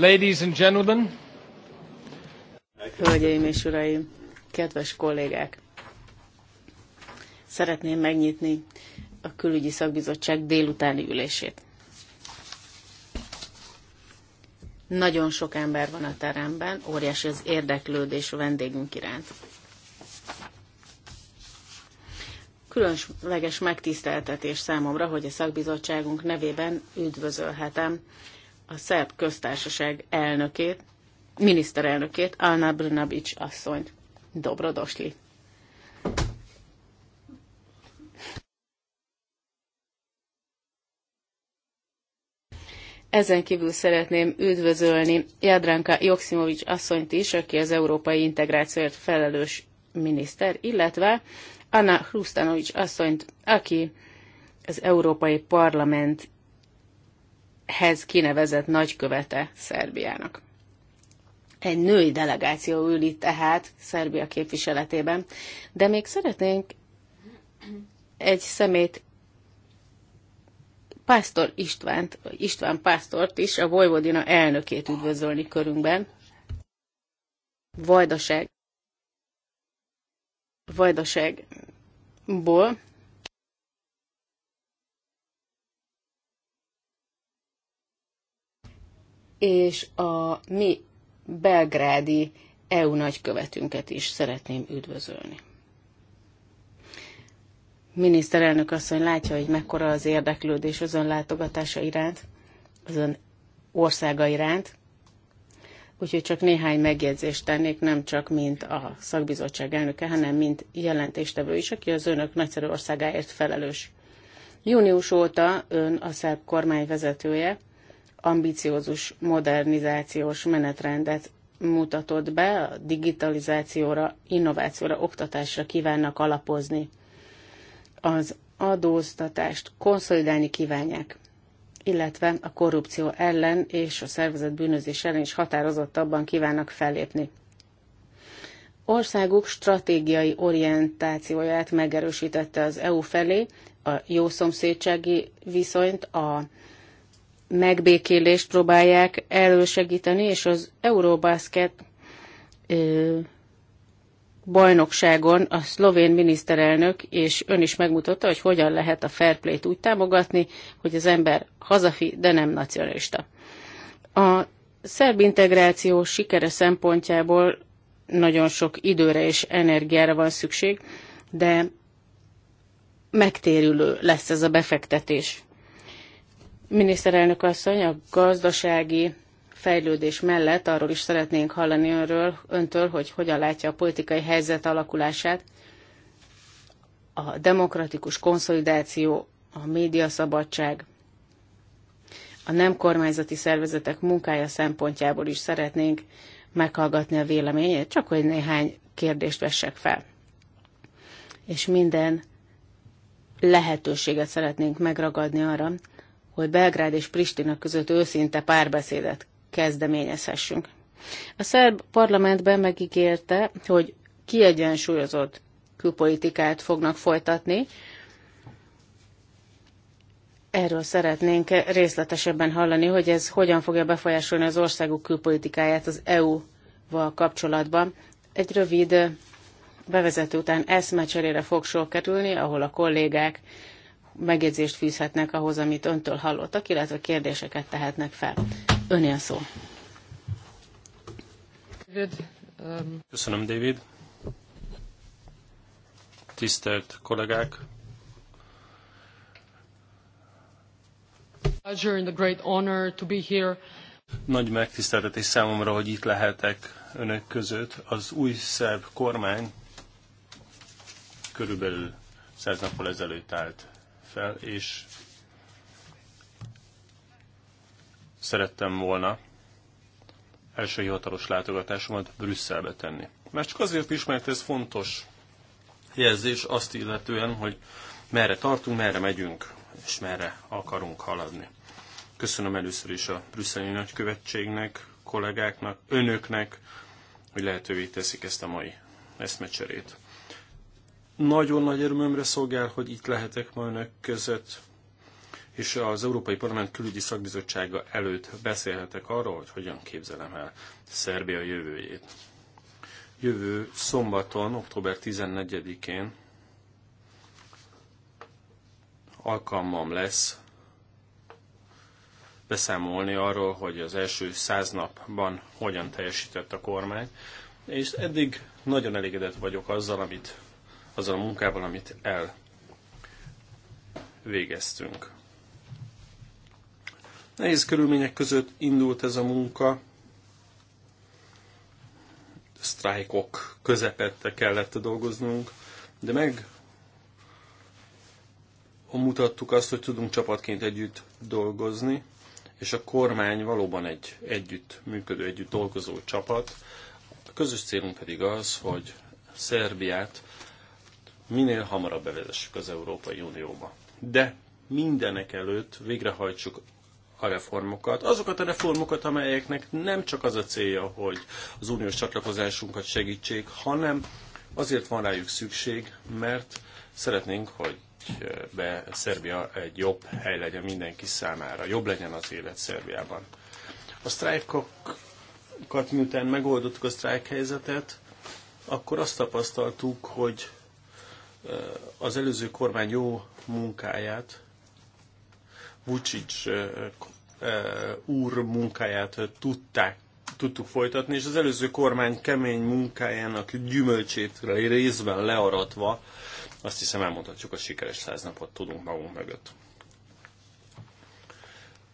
Ladies and gentlemen. Hölgyeim és uraim, kedves kollégák! Szeretném megnyitni a külügyi szakbizottság délutáni ülését. Nagyon sok ember van a teremben, óriási az érdeklődés a vendégünk iránt. Különleges megtiszteltetés számomra, hogy a szakbizottságunk nevében üdvözölhetem a szerb köztársaság elnökét, miniszterelnökét, Alna Brnabics asszonyt. Dobrodosli. Ezen kívül szeretném üdvözölni Jadranka Joksimovics asszonyt is, aki az európai integrációért felelős miniszter, illetve Anna Hrustanovics asszonyt, aki az Európai Parlament hez kinevezett nagykövete Szerbiának. Egy női delegáció ül itt tehát Szerbia képviseletében, de még szeretnénk egy szemét Pásztor Istvánt, István Pásztort is, a Vojvodina elnökét üdvözölni körünkben. Vajdaság Vajdaságból és a mi belgrádi EU nagykövetünket is szeretném üdvözölni. Miniszterelnök asszony látja, hogy mekkora az érdeklődés az ön látogatása iránt, az ön országa iránt, úgyhogy csak néhány megjegyzést tennék, nem csak mint a szakbizottság elnöke, hanem mint jelentéstevő is, aki az önök nagyszerű országáért felelős. Június óta ön a szerb kormány vezetője, ambiciózus modernizációs menetrendet mutatott be, a digitalizációra, innovációra, oktatásra kívánnak alapozni. Az adóztatást konszolidálni kívánják, illetve a korrupció ellen és a szervezet bűnözés ellen is határozottabban kívánnak fellépni. Országuk stratégiai orientációját megerősítette az EU felé, a szomszédsági viszonyt, a megbékélést próbálják elősegíteni, és az Eurobasket bajnokságon a szlovén miniszterelnök, és ön is megmutatta, hogy hogyan lehet a fair play-t úgy támogatni, hogy az ember hazafi, de nem nacionalista. A szerb integráció sikere szempontjából nagyon sok időre és energiára van szükség, de megtérülő lesz ez a befektetés. Miniszterelnök asszony, a gazdasági fejlődés mellett arról is szeretnénk hallani önről, öntől, hogy hogyan látja a politikai helyzet alakulását, a demokratikus konszolidáció, a médiaszabadság, a nem kormányzati szervezetek munkája szempontjából is szeretnénk meghallgatni a véleményét, csak hogy néhány kérdést vessek fel. És minden lehetőséget szeretnénk megragadni arra, hogy Belgrád és Pristina között őszinte párbeszédet kezdeményezhessünk. A szerb parlamentben megígérte, hogy kiegyensúlyozott külpolitikát fognak folytatni. Erről szeretnénk részletesebben hallani, hogy ez hogyan fogja befolyásolni az országuk külpolitikáját az EU-val kapcsolatban. Egy rövid bevezető után eszmecserére fog sor kerülni, ahol a kollégák megjegyzést fűzhetnek ahhoz, amit öntől hallottak, illetve kérdéseket tehetnek fel. Önél szó. David, um... Köszönöm, David. Tisztelt kollégák, Nagy megtiszteltetés számomra, hogy itt lehetek önök között. Az új szerb kormány körülbelül száz nappal ezelőtt állt fel, és szerettem volna első hivatalos látogatásomat Brüsszelbe tenni. Már csak azért is, mert ez fontos jelzés azt illetően, hogy merre tartunk, merre megyünk, és merre akarunk haladni. Köszönöm először is a brüsszeli nagykövetségnek, kollégáknak, önöknek, hogy lehetővé teszik ezt a mai eszmecserét. Nagyon nagy örömömre szolgál, hogy itt lehetek ma önök között, és az Európai Parlament külügyi szakbizottsága előtt beszélhetek arról, hogy hogyan képzelem el Szerbia jövőjét. Jövő szombaton, október 14-én alkalmam lesz beszámolni arról, hogy az első száz napban hogyan teljesített a kormány, és eddig nagyon elégedett vagyok azzal, amit azzal a munkával, amit elvégeztünk. Nehéz körülmények között indult ez a munka, sztrájkok közepette kellett dolgoznunk, de meg mutattuk azt, hogy tudunk csapatként együtt dolgozni, és a kormány valóban egy együtt működő, együtt dolgozó csapat. A közös célunk pedig az, hogy Szerbiát minél hamarabb bevezessük az Európai Unióba. De mindenek előtt végrehajtsuk a reformokat, azokat a reformokat, amelyeknek nem csak az a célja, hogy az uniós csatlakozásunkat segítsék, hanem azért van rájuk szükség, mert szeretnénk, hogy eh, be Szerbia egy jobb hely legyen mindenki számára, jobb legyen az élet Szerbiában. A sztrájkokat miután megoldottuk a sztrájk helyzetet, akkor azt tapasztaltuk, hogy az előző kormány jó munkáját, Vucic úr munkáját tudták, tudtuk folytatni, és az előző kormány kemény munkájának gyümölcsét részben learatva, azt hiszem elmondhatjuk, a sikeres száz napot tudunk magunk mögött.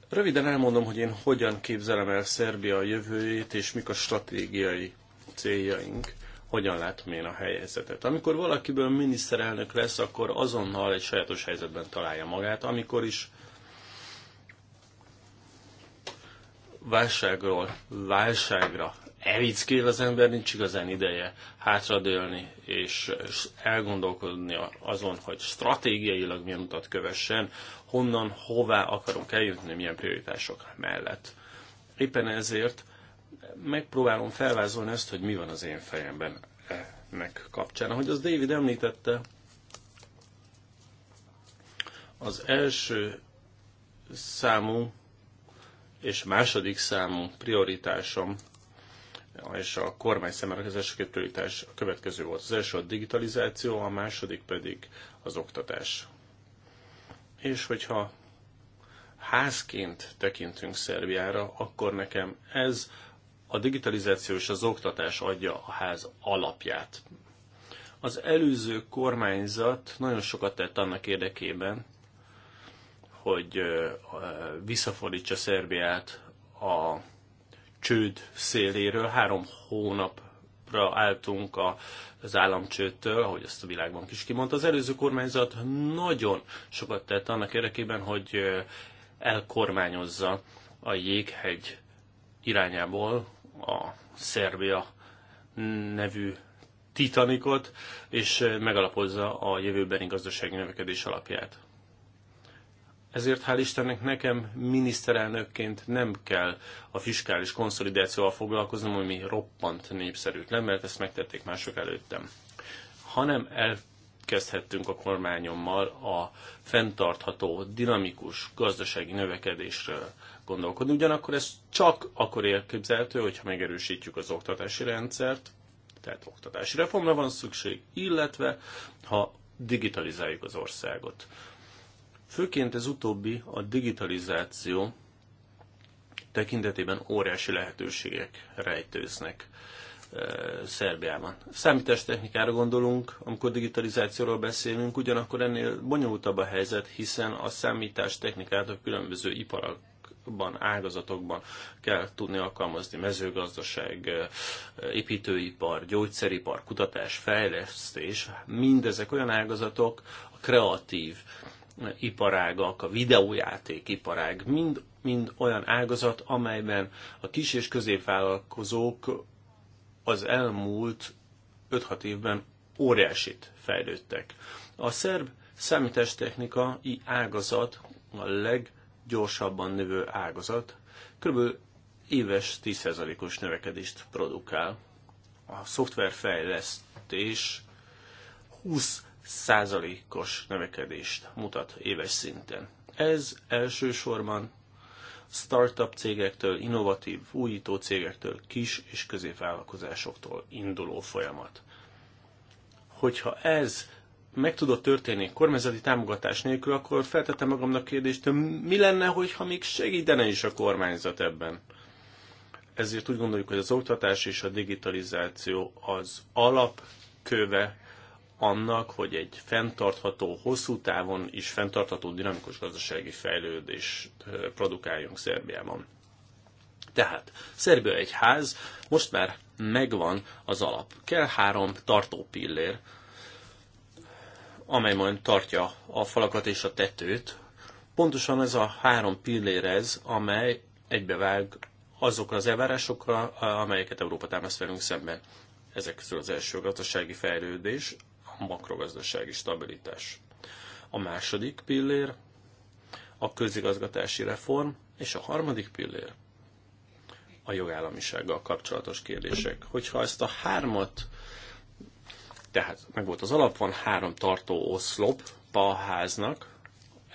Röviden elmondom, hogy én hogyan képzelem el Szerbia jövőjét, és mik a stratégiai céljaink hogyan látom én a helyzetet. Amikor valakiből miniszterelnök lesz, akkor azonnal egy sajátos helyzetben találja magát, amikor is válságról válságra evickél az ember, nincs igazán ideje hátradőlni és elgondolkodni azon, hogy stratégiailag milyen utat kövessen, honnan, hová akarunk eljutni, milyen prioritások mellett. Éppen ezért megpróbálom felvázolni ezt, hogy mi van az én fejemben ennek kapcsán. Ahogy az David említette, az első számú és második számú prioritásom és a kormány számára az első prioritás a következő volt. Az első a digitalizáció, a második pedig az oktatás. És hogyha házként tekintünk Szerbiára, akkor nekem ez a digitalizáció és az oktatás adja a ház alapját. Az előző kormányzat nagyon sokat tett annak érdekében, hogy visszafordítsa Szerbiát a csőd széléről. Három hónapra álltunk az államcsődtől, ahogy azt a világban is kimondta. Az előző kormányzat nagyon sokat tett annak érdekében, hogy elkormányozza a jéghegy irányából a Szerbia nevű titanikot, és megalapozza a jövőbeni gazdasági növekedés alapját. Ezért hál' Istennek nekem miniszterelnökként nem kell a fiskális konszolidációval foglalkoznom, ami roppant népszerűtlen, mert ezt megtették mások előttem. Hanem elkezdhettünk a kormányommal a fenntartható, dinamikus gazdasági növekedésről gondolkodni. Ugyanakkor ez csak akkor elképzelhető, hogyha megerősítjük az oktatási rendszert, tehát oktatási reformra van szükség, illetve ha digitalizáljuk az országot. Főként ez utóbbi a digitalizáció tekintetében óriási lehetőségek rejtőznek. Szerbiában. Számítástechnikára gondolunk, amikor digitalizációról beszélünk, ugyanakkor ennél bonyolultabb a helyzet, hiszen a számítástechnikát a különböző iparak szektorokban, ágazatokban kell tudni alkalmazni mezőgazdaság, építőipar, gyógyszeripar, kutatás, fejlesztés. Mindezek olyan ágazatok, a kreatív iparágak, a videójáték iparág, mind, mind olyan ágazat, amelyben a kis és középvállalkozók az elmúlt 5-6 évben óriásit fejlődtek. A szerb számítástechnikai ágazat a leg gyorsabban növő ágazat kb. éves 10%-os növekedést produkál. A szoftverfejlesztés 20%-os növekedést mutat éves szinten. Ez elsősorban startup cégektől, innovatív, újító cégektől, kis és középvállalkozásoktól induló folyamat. Hogyha ez meg tudott történni kormányzati támogatás nélkül, akkor feltettem magamnak kérdést, mi lenne, hogyha még segítene is a kormányzat ebben? Ezért úgy gondoljuk, hogy az oktatás és a digitalizáció az alapköve annak, hogy egy fenntartható, hosszú távon is fenntartható dinamikus gazdasági fejlődést produkáljunk Szerbiában. Tehát Szerbia egy ház, most már megvan az alap. Kell három tartó pillér, amely majd tartja a falakat és a tetőt. Pontosan ez a három pillér ez, amely egybevág azokkal az elvárásokkal, amelyeket Európa támaszt velünk szemben. Ezek közül az első a gazdasági fejlődés, a makrogazdasági stabilitás. A második pillér a közigazgatási reform, és a harmadik pillér a jogállamisággal kapcsolatos kérdések. Hogyha ezt a hármat tehát meg volt az alap, van három tartó oszlop a háznak,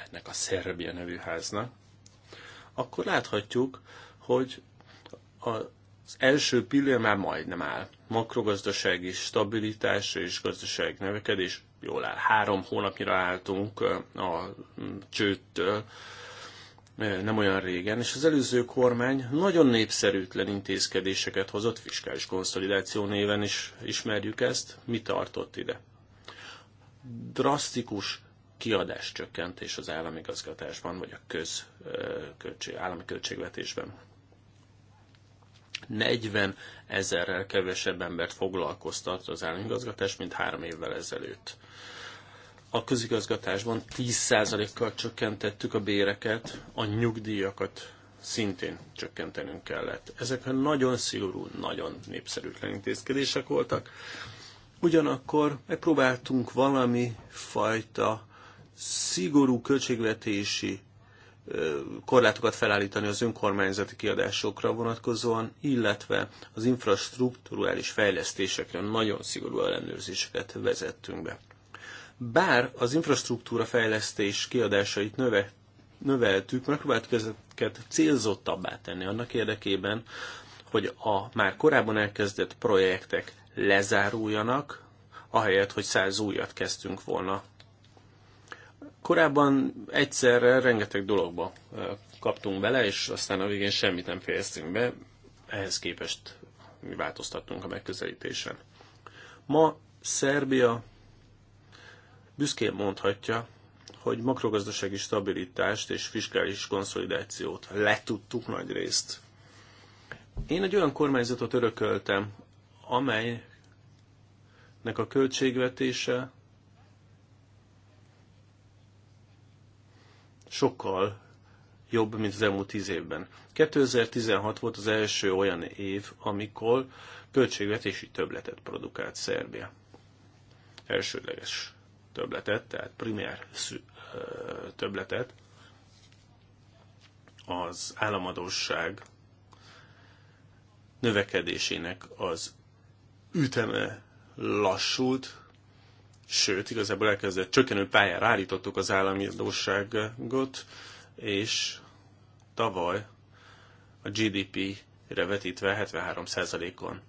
ennek a Szerbia nevű háznak, akkor láthatjuk, hogy az első pillér már majdnem áll. Makrogazdasági stabilitás és gazdasági növekedés jól áll. Három hónapnyira álltunk a csőttől, nem olyan régen, és az előző kormány nagyon népszerűtlen intézkedéseket hozott, fiskális konszolidáció néven is ismerjük ezt. Mi tartott ide? Drasztikus kiadáscsökkentés az állami gazgatásban, vagy a köz, költség, állami költségvetésben. 40 ezerrel kevesebb embert foglalkoztat az államigazgatás, mint három évvel ezelőtt a közigazgatásban 10%-kal csökkentettük a béreket, a nyugdíjakat szintén csökkentenünk kellett. Ezek a nagyon szigorú, nagyon népszerűtlen intézkedések voltak. Ugyanakkor megpróbáltunk valami fajta szigorú költségvetési korlátokat felállítani az önkormányzati kiadásokra vonatkozóan, illetve az infrastruktúrális fejlesztésekre nagyon szigorú ellenőrzéseket vezettünk be. Bár az infrastruktúra fejlesztés kiadásait növe, növeltük, megpróbáltuk ezeket célzottabbá tenni annak érdekében, hogy a már korábban elkezdett projektek lezáruljanak, ahelyett, hogy száz újat kezdtünk volna. Korábban egyszerre rengeteg dologba kaptunk bele, és aztán a végén semmit nem fejeztünk be, ehhez képest mi változtattunk a megközelítésen. Ma Szerbia büszkén mondhatja, hogy makrogazdasági stabilitást és fiskális konszolidációt letudtuk nagy részt. Én egy olyan kormányzatot örököltem, amelynek a költségvetése sokkal jobb, mint az elmúlt tíz évben. 2016 volt az első olyan év, amikor költségvetési többletet produkált Szerbia. Elsődleges többletet, tehát primer többletet, az államadóság növekedésének az üteme lassult, sőt, igazából elkezdett csökkenő pályára állítottuk az állami adósságot, és tavaly a GDP-re vetítve 73%-on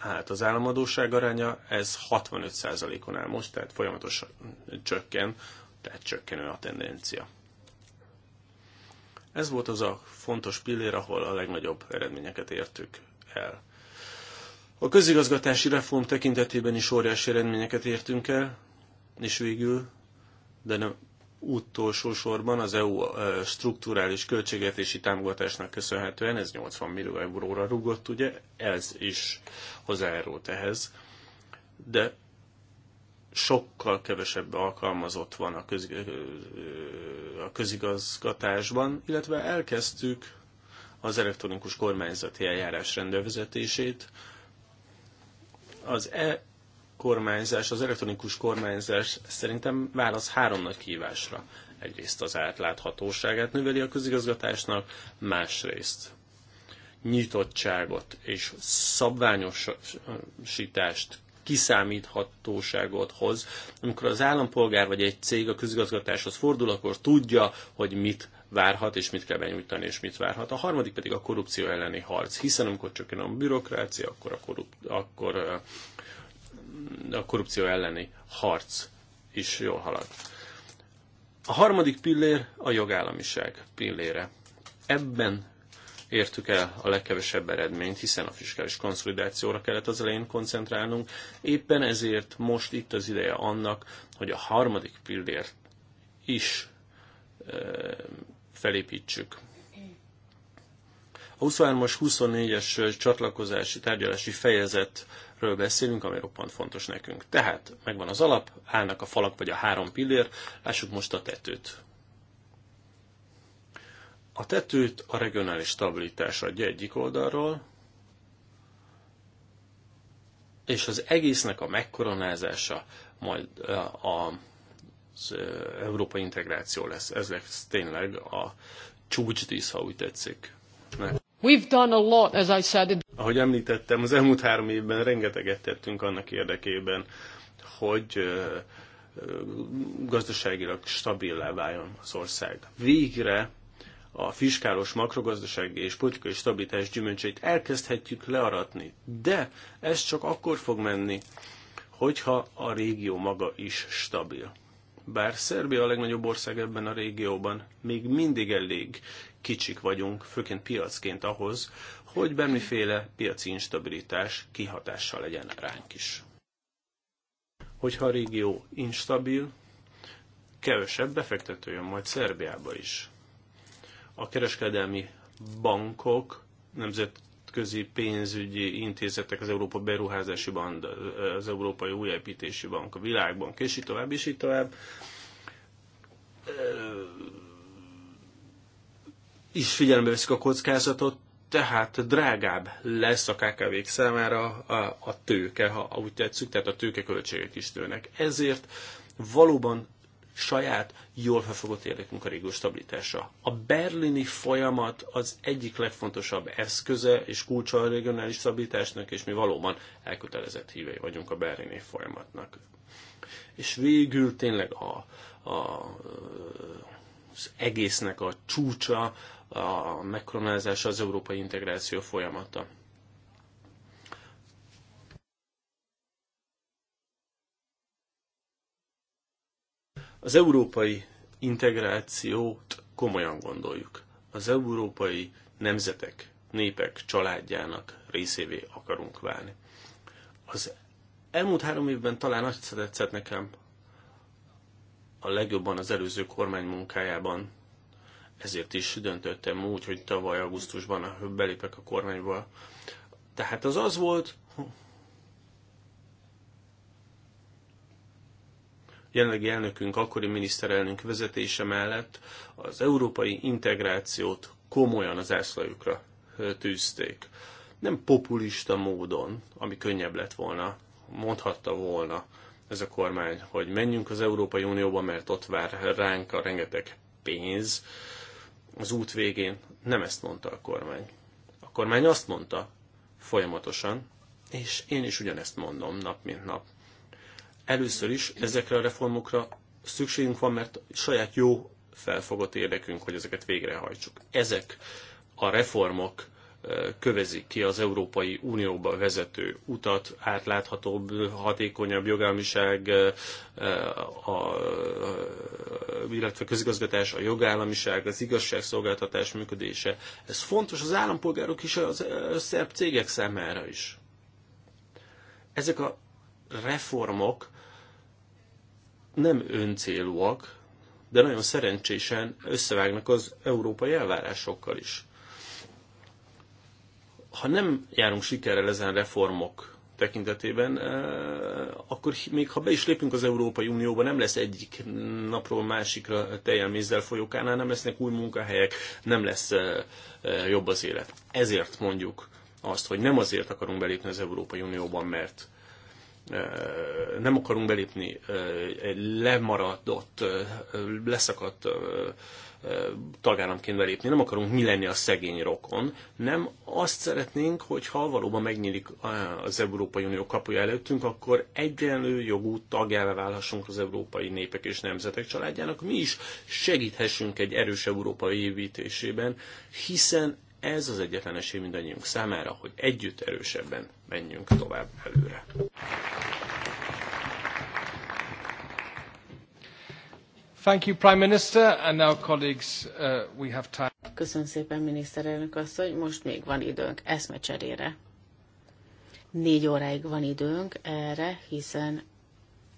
állt az államadóság aránya, ez 65%-on áll most, tehát folyamatosan csökken, tehát csökkenő a tendencia. Ez volt az a fontos pillér, ahol a legnagyobb eredményeket értük el. A közigazgatási reform tekintetében is óriási eredményeket értünk el, és végül, de nem utolsó sorban az EU strukturális költségvetési támogatásnak köszönhetően, ez 80 millió euróra rugott, ugye, ez is hozzájárult ehhez, de sokkal kevesebb alkalmazott van a, köz, a közigazgatásban, illetve elkezdtük az elektronikus kormányzati eljárás rendelvezetését. Az e kormányzás, az elektronikus kormányzás szerintem válasz három nagy kívásra. Egyrészt az átláthatóságát növeli a közigazgatásnak, másrészt nyitottságot és szabványosítást, kiszámíthatóságot hoz. Amikor az állampolgár vagy egy cég a közigazgatáshoz fordul, akkor tudja, hogy mit várhat, és mit kell benyújtani, és mit várhat. A harmadik pedig a korrupció elleni harc, hiszen amikor csökken a bürokrácia, akkor, a korrup- akkor a korrupció elleni harc is jól halad. A harmadik pillér a jogállamiság pillére. Ebben értük el a legkevesebb eredményt, hiszen a fiskális konszolidációra kellett az elején koncentrálnunk. Éppen ezért most itt az ideje annak, hogy a harmadik pillér is felépítsük. A 23-as, 24-es csatlakozási tárgyalási fejezet ről beszélünk, ami roppant fontos nekünk. Tehát megvan az alap, állnak a falak vagy a három pillér, lássuk most a tetőt. A tetőt a regionális stabilitás adja egyik oldalról, és az egésznek a megkoronázása majd az európai integráció lesz. Ez lesz tényleg a csúcsdísz, ha úgy tetszik. Ne. We've done a lot, as I said. Ahogy említettem, az elmúlt három évben rengeteget tettünk annak érdekében, hogy gazdaságilag stabilá váljon az ország. Végre a fiskálos makrogazdasági és politikai stabilitás gyümölcseit elkezdhetjük learatni, de ez csak akkor fog menni, hogyha a régió maga is stabil. Bár Szerbia a legnagyobb ország ebben a régióban, még mindig elég kicsik vagyunk, főként piacként ahhoz, hogy bármiféle piaci instabilitás kihatással legyen ránk is. Hogyha a régió instabil, kevesebb befektető jön majd Szerbiába is. A kereskedelmi bankok nemzet nemzetközi pénzügyi intézetek, az Európa Beruházási Bank, az Európai Újjáépítési Bank, a Világbank, és így tovább, és így tovább is figyelembe veszik a kockázatot, tehát drágább lesz a kkv számára a, a tőke, ha úgy tetszük, tehát a tőkeköltségek is tőnek. Ezért valóban saját, jól felfogott érdekünk a régió stabilitása. A berlini folyamat az egyik legfontosabb eszköze és kulcsa a regionális stabilitásnak, és mi valóban elkötelezett hívei vagyunk a berlini folyamatnak. És végül tényleg a, a, az egésznek a csúcsa, a megkoronázása az európai integráció folyamata. Az európai integrációt komolyan gondoljuk. Az európai nemzetek, népek családjának részévé akarunk válni. Az elmúlt három évben talán azt tetszett nekem a legjobban az előző kormány munkájában, ezért is döntöttem úgy, hogy tavaly augusztusban belépek a kormányba. Tehát az az volt, jelenlegi elnökünk, akkori miniszterelnök vezetése mellett az európai integrációt komolyan az ászlajukra tűzték. Nem populista módon, ami könnyebb lett volna, mondhatta volna ez a kormány, hogy menjünk az Európai Unióba, mert ott vár ránk a rengeteg pénz az út végén. Nem ezt mondta a kormány. A kormány azt mondta folyamatosan, és én is ugyanezt mondom nap mint nap, Először is ezekre a reformokra szükségünk van, mert saját jó felfogott érdekünk, hogy ezeket végrehajtsuk. Ezek a reformok kövezik ki az Európai Unióba vezető utat, átláthatóbb, hatékonyabb jogállamiság, a, illetve közigazgatás, a jogállamiság, az igazságszolgáltatás működése. Ez fontos az állampolgárok is, az szerb cégek számára is. Ezek a reformok nem öncélúak, de nagyon szerencsésen összevágnak az európai elvárásokkal is. Ha nem járunk sikerrel ezen reformok tekintetében, eh, akkor még ha be is lépünk az Európai Unióba, nem lesz egyik napról másikra teljesen mézzel folyókánál, nem lesznek új munkahelyek, nem lesz eh, eh, jobb az élet. Ezért mondjuk azt, hogy nem azért akarunk belépni az Európai Unióban, mert nem akarunk belépni egy lemaradott, leszakadt tagállamként belépni, nem akarunk mi lenni a szegény rokon, nem azt szeretnénk, hogy ha valóban megnyílik az Európai Unió kapuja előttünk, akkor egyenlő jogú tagjává válhassunk az európai népek és nemzetek családjának, mi is segíthessünk egy erős európai építésében, hiszen ez az egyetlen esély mindannyiunk számára, hogy együtt erősebben menjünk tovább előre. Thank you, Prime Minister, and now, colleagues, uh, we have time. Köszönöm szépen, miniszterelnök asszony, most még van időnk eszmecserére. Négy óráig van időnk erre, hiszen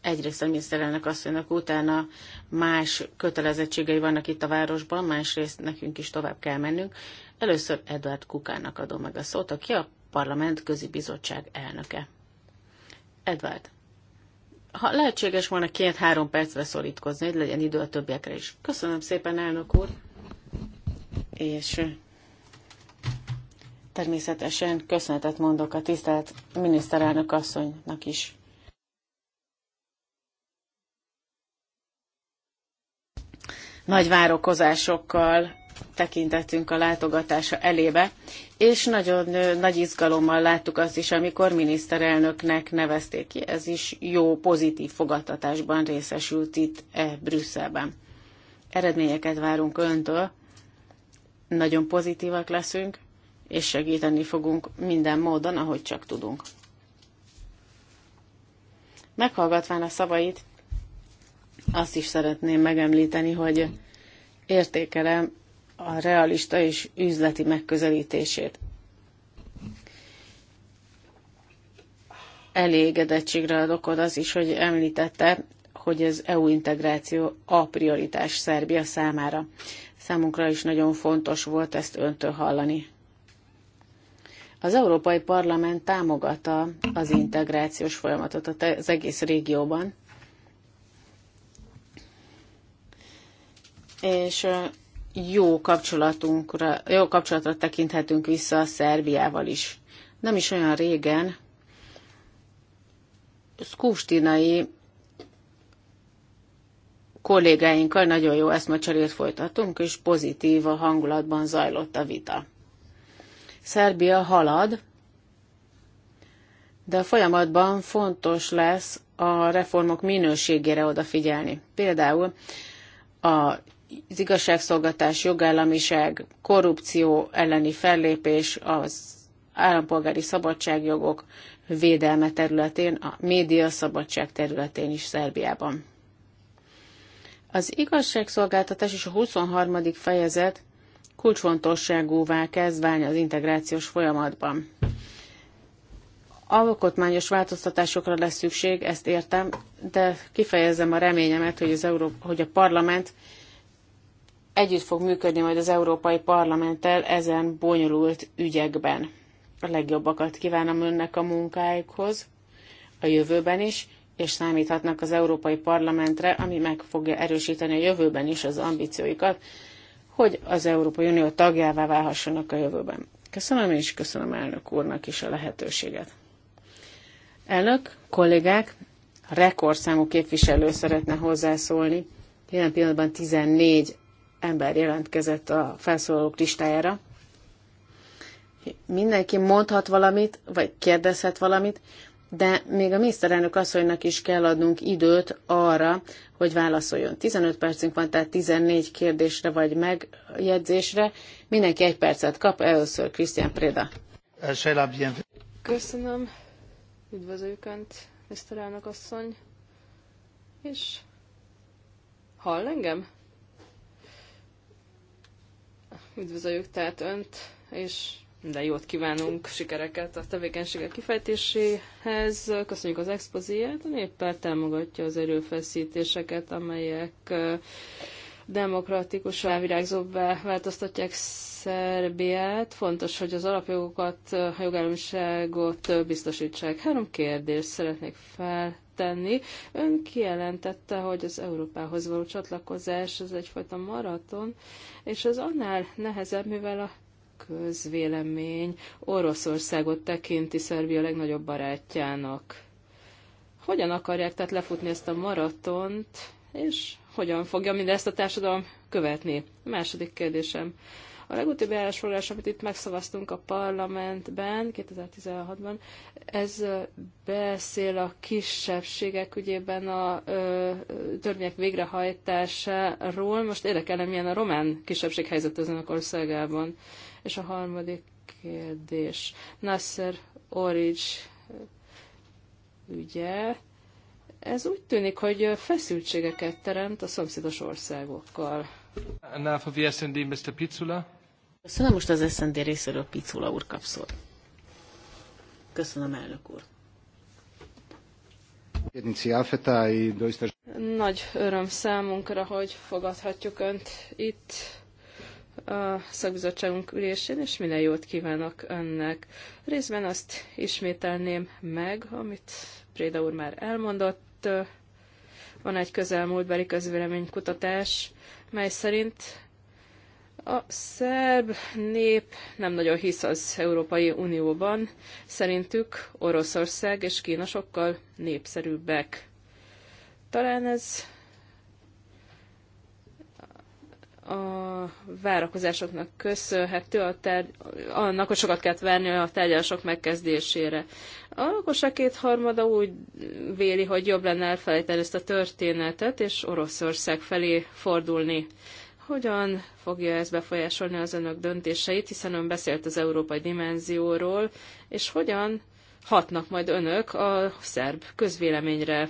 egyrészt a miniszterelnök asszonynak utána más kötelezettségei vannak itt a városban, másrészt nekünk is tovább kell mennünk. Először Edward Kukának adom meg a szót, aki a Parlament Közi Bizottság elnöke. Edward, ha lehetséges volna két-három percre szorítkozni, hogy legyen idő a többiekre is. Köszönöm szépen, elnök úr, és természetesen köszönetet mondok a tisztelt miniszterelnök asszonynak is. Nagy várokozásokkal tekintettünk a látogatása elébe, és nagyon nagy izgalommal láttuk azt is, amikor miniszterelnöknek nevezték ki. Ez is jó, pozitív fogadtatásban részesült itt e Brüsszelben. Eredményeket várunk öntől, nagyon pozitívak leszünk, és segíteni fogunk minden módon, ahogy csak tudunk. Meghallgatván a szavait, azt is szeretném megemlíteni, hogy értékelem a realista és üzleti megközelítését. Elégedettségre ad okod az is, hogy említette, hogy az EU integráció a prioritás Szerbia számára. Számunkra is nagyon fontos volt ezt öntől hallani. Az Európai Parlament támogatta az integrációs folyamatot az egész régióban, és jó, kapcsolatunkra, jó kapcsolatra tekinthetünk vissza a Szerbiával is. Nem is olyan régen Skústinai kollégáinkkal nagyon jó eszmecserét folytattunk, és pozitív a hangulatban zajlott a vita. Szerbia halad, de a folyamatban fontos lesz a reformok minőségére odafigyelni. Például a az igazságszolgatás, jogállamiság, korrupció elleni fellépés, az állampolgári szabadságjogok védelme területén, a média szabadság területén is Szerbiában. Az igazságszolgáltatás és a 23. fejezet kulcsfontosságúvá kezd válni az integrációs folyamatban. Alkotmányos változtatásokra lesz szükség, ezt értem, de kifejezem a reményemet, hogy, az Európa, hogy a parlament együtt fog működni majd az Európai Parlamenttel ezen bonyolult ügyekben. A legjobbakat kívánom önnek a munkáikhoz a jövőben is, és számíthatnak az Európai Parlamentre, ami meg fogja erősíteni a jövőben is az ambícióikat, hogy az Európai Unió tagjává válhassanak a jövőben. Köszönöm, és köszönöm elnök úrnak is a lehetőséget. Elnök, kollégák, rekordszámú képviselő szeretne hozzászólni. Jelen pillanatban 14 ember jelentkezett a felszólalók listájára. Mindenki mondhat valamit, vagy kérdezhet valamit, de még a miniszterelnök asszonynak is kell adnunk időt arra, hogy válaszoljon. 15 percünk van, tehát 14 kérdésre vagy megjegyzésre. Mindenki egy percet kap, először Krisztián Préda. Köszönöm. Üdvözöljük Önt, miniszterelnök asszony. És hall engem? Üdvözöljük tehát Önt, és minden jót kívánunk, sikereket a tevékenységek kifejtéséhez. Köszönjük az expozíját, a néppárt támogatja az erőfeszítéseket, amelyek demokratikus elvirágzóbbá változtatják Szerbiát. Fontos, hogy az alapjogokat, a jogállamiságot biztosítsák. Három kérdést szeretnék fel tenni. Ön kijelentette, hogy az Európához való csatlakozás az egyfajta maraton, és az annál nehezebb, mivel a közvélemény Oroszországot tekinti Szerbia legnagyobb barátjának. Hogyan akarják tehát lefutni ezt a maratont, és hogyan fogja mindezt a társadalom követni? második kérdésem. A legutóbbi állásfoglalás, amit itt megszavaztunk a parlamentben 2016-ban, ez beszél a kisebbségek ügyében a ö, törvények végrehajtásáról. Most érdekelne, milyen a román kisebbség helyzet az önök országában. És a harmadik kérdés. Nasser Orics ügye. Ez úgy tűnik, hogy feszültségeket teremt a szomszédos országokkal. Now for the SND, Mr. Pizzula. Köszönöm most az SZND részéről Picula úr kapszol. Köszönöm, elnök úr. Nagy öröm számunkra, hogy fogadhatjuk Önt itt a szakbizottságunk ülésén, és minden jót kívánok Önnek. Részben azt ismételném meg, amit Préda úr már elmondott. Van egy közelmúltbeli közvéleménykutatás, mely szerint a szerb nép nem nagyon hisz az Európai Unióban. Szerintük Oroszország és Kína sokkal népszerűbbek. Talán ez a várakozásoknak köszönhető, a ter annak, hogy sokat kellett várni a tárgyalások megkezdésére. A lakosság kétharmada úgy véli, hogy jobb lenne elfelejteni ezt a történetet, és Oroszország felé fordulni. Hogyan fogja ez befolyásolni az önök döntéseit, hiszen ön beszélt az európai dimenzióról, és hogyan hatnak majd önök a szerb közvéleményre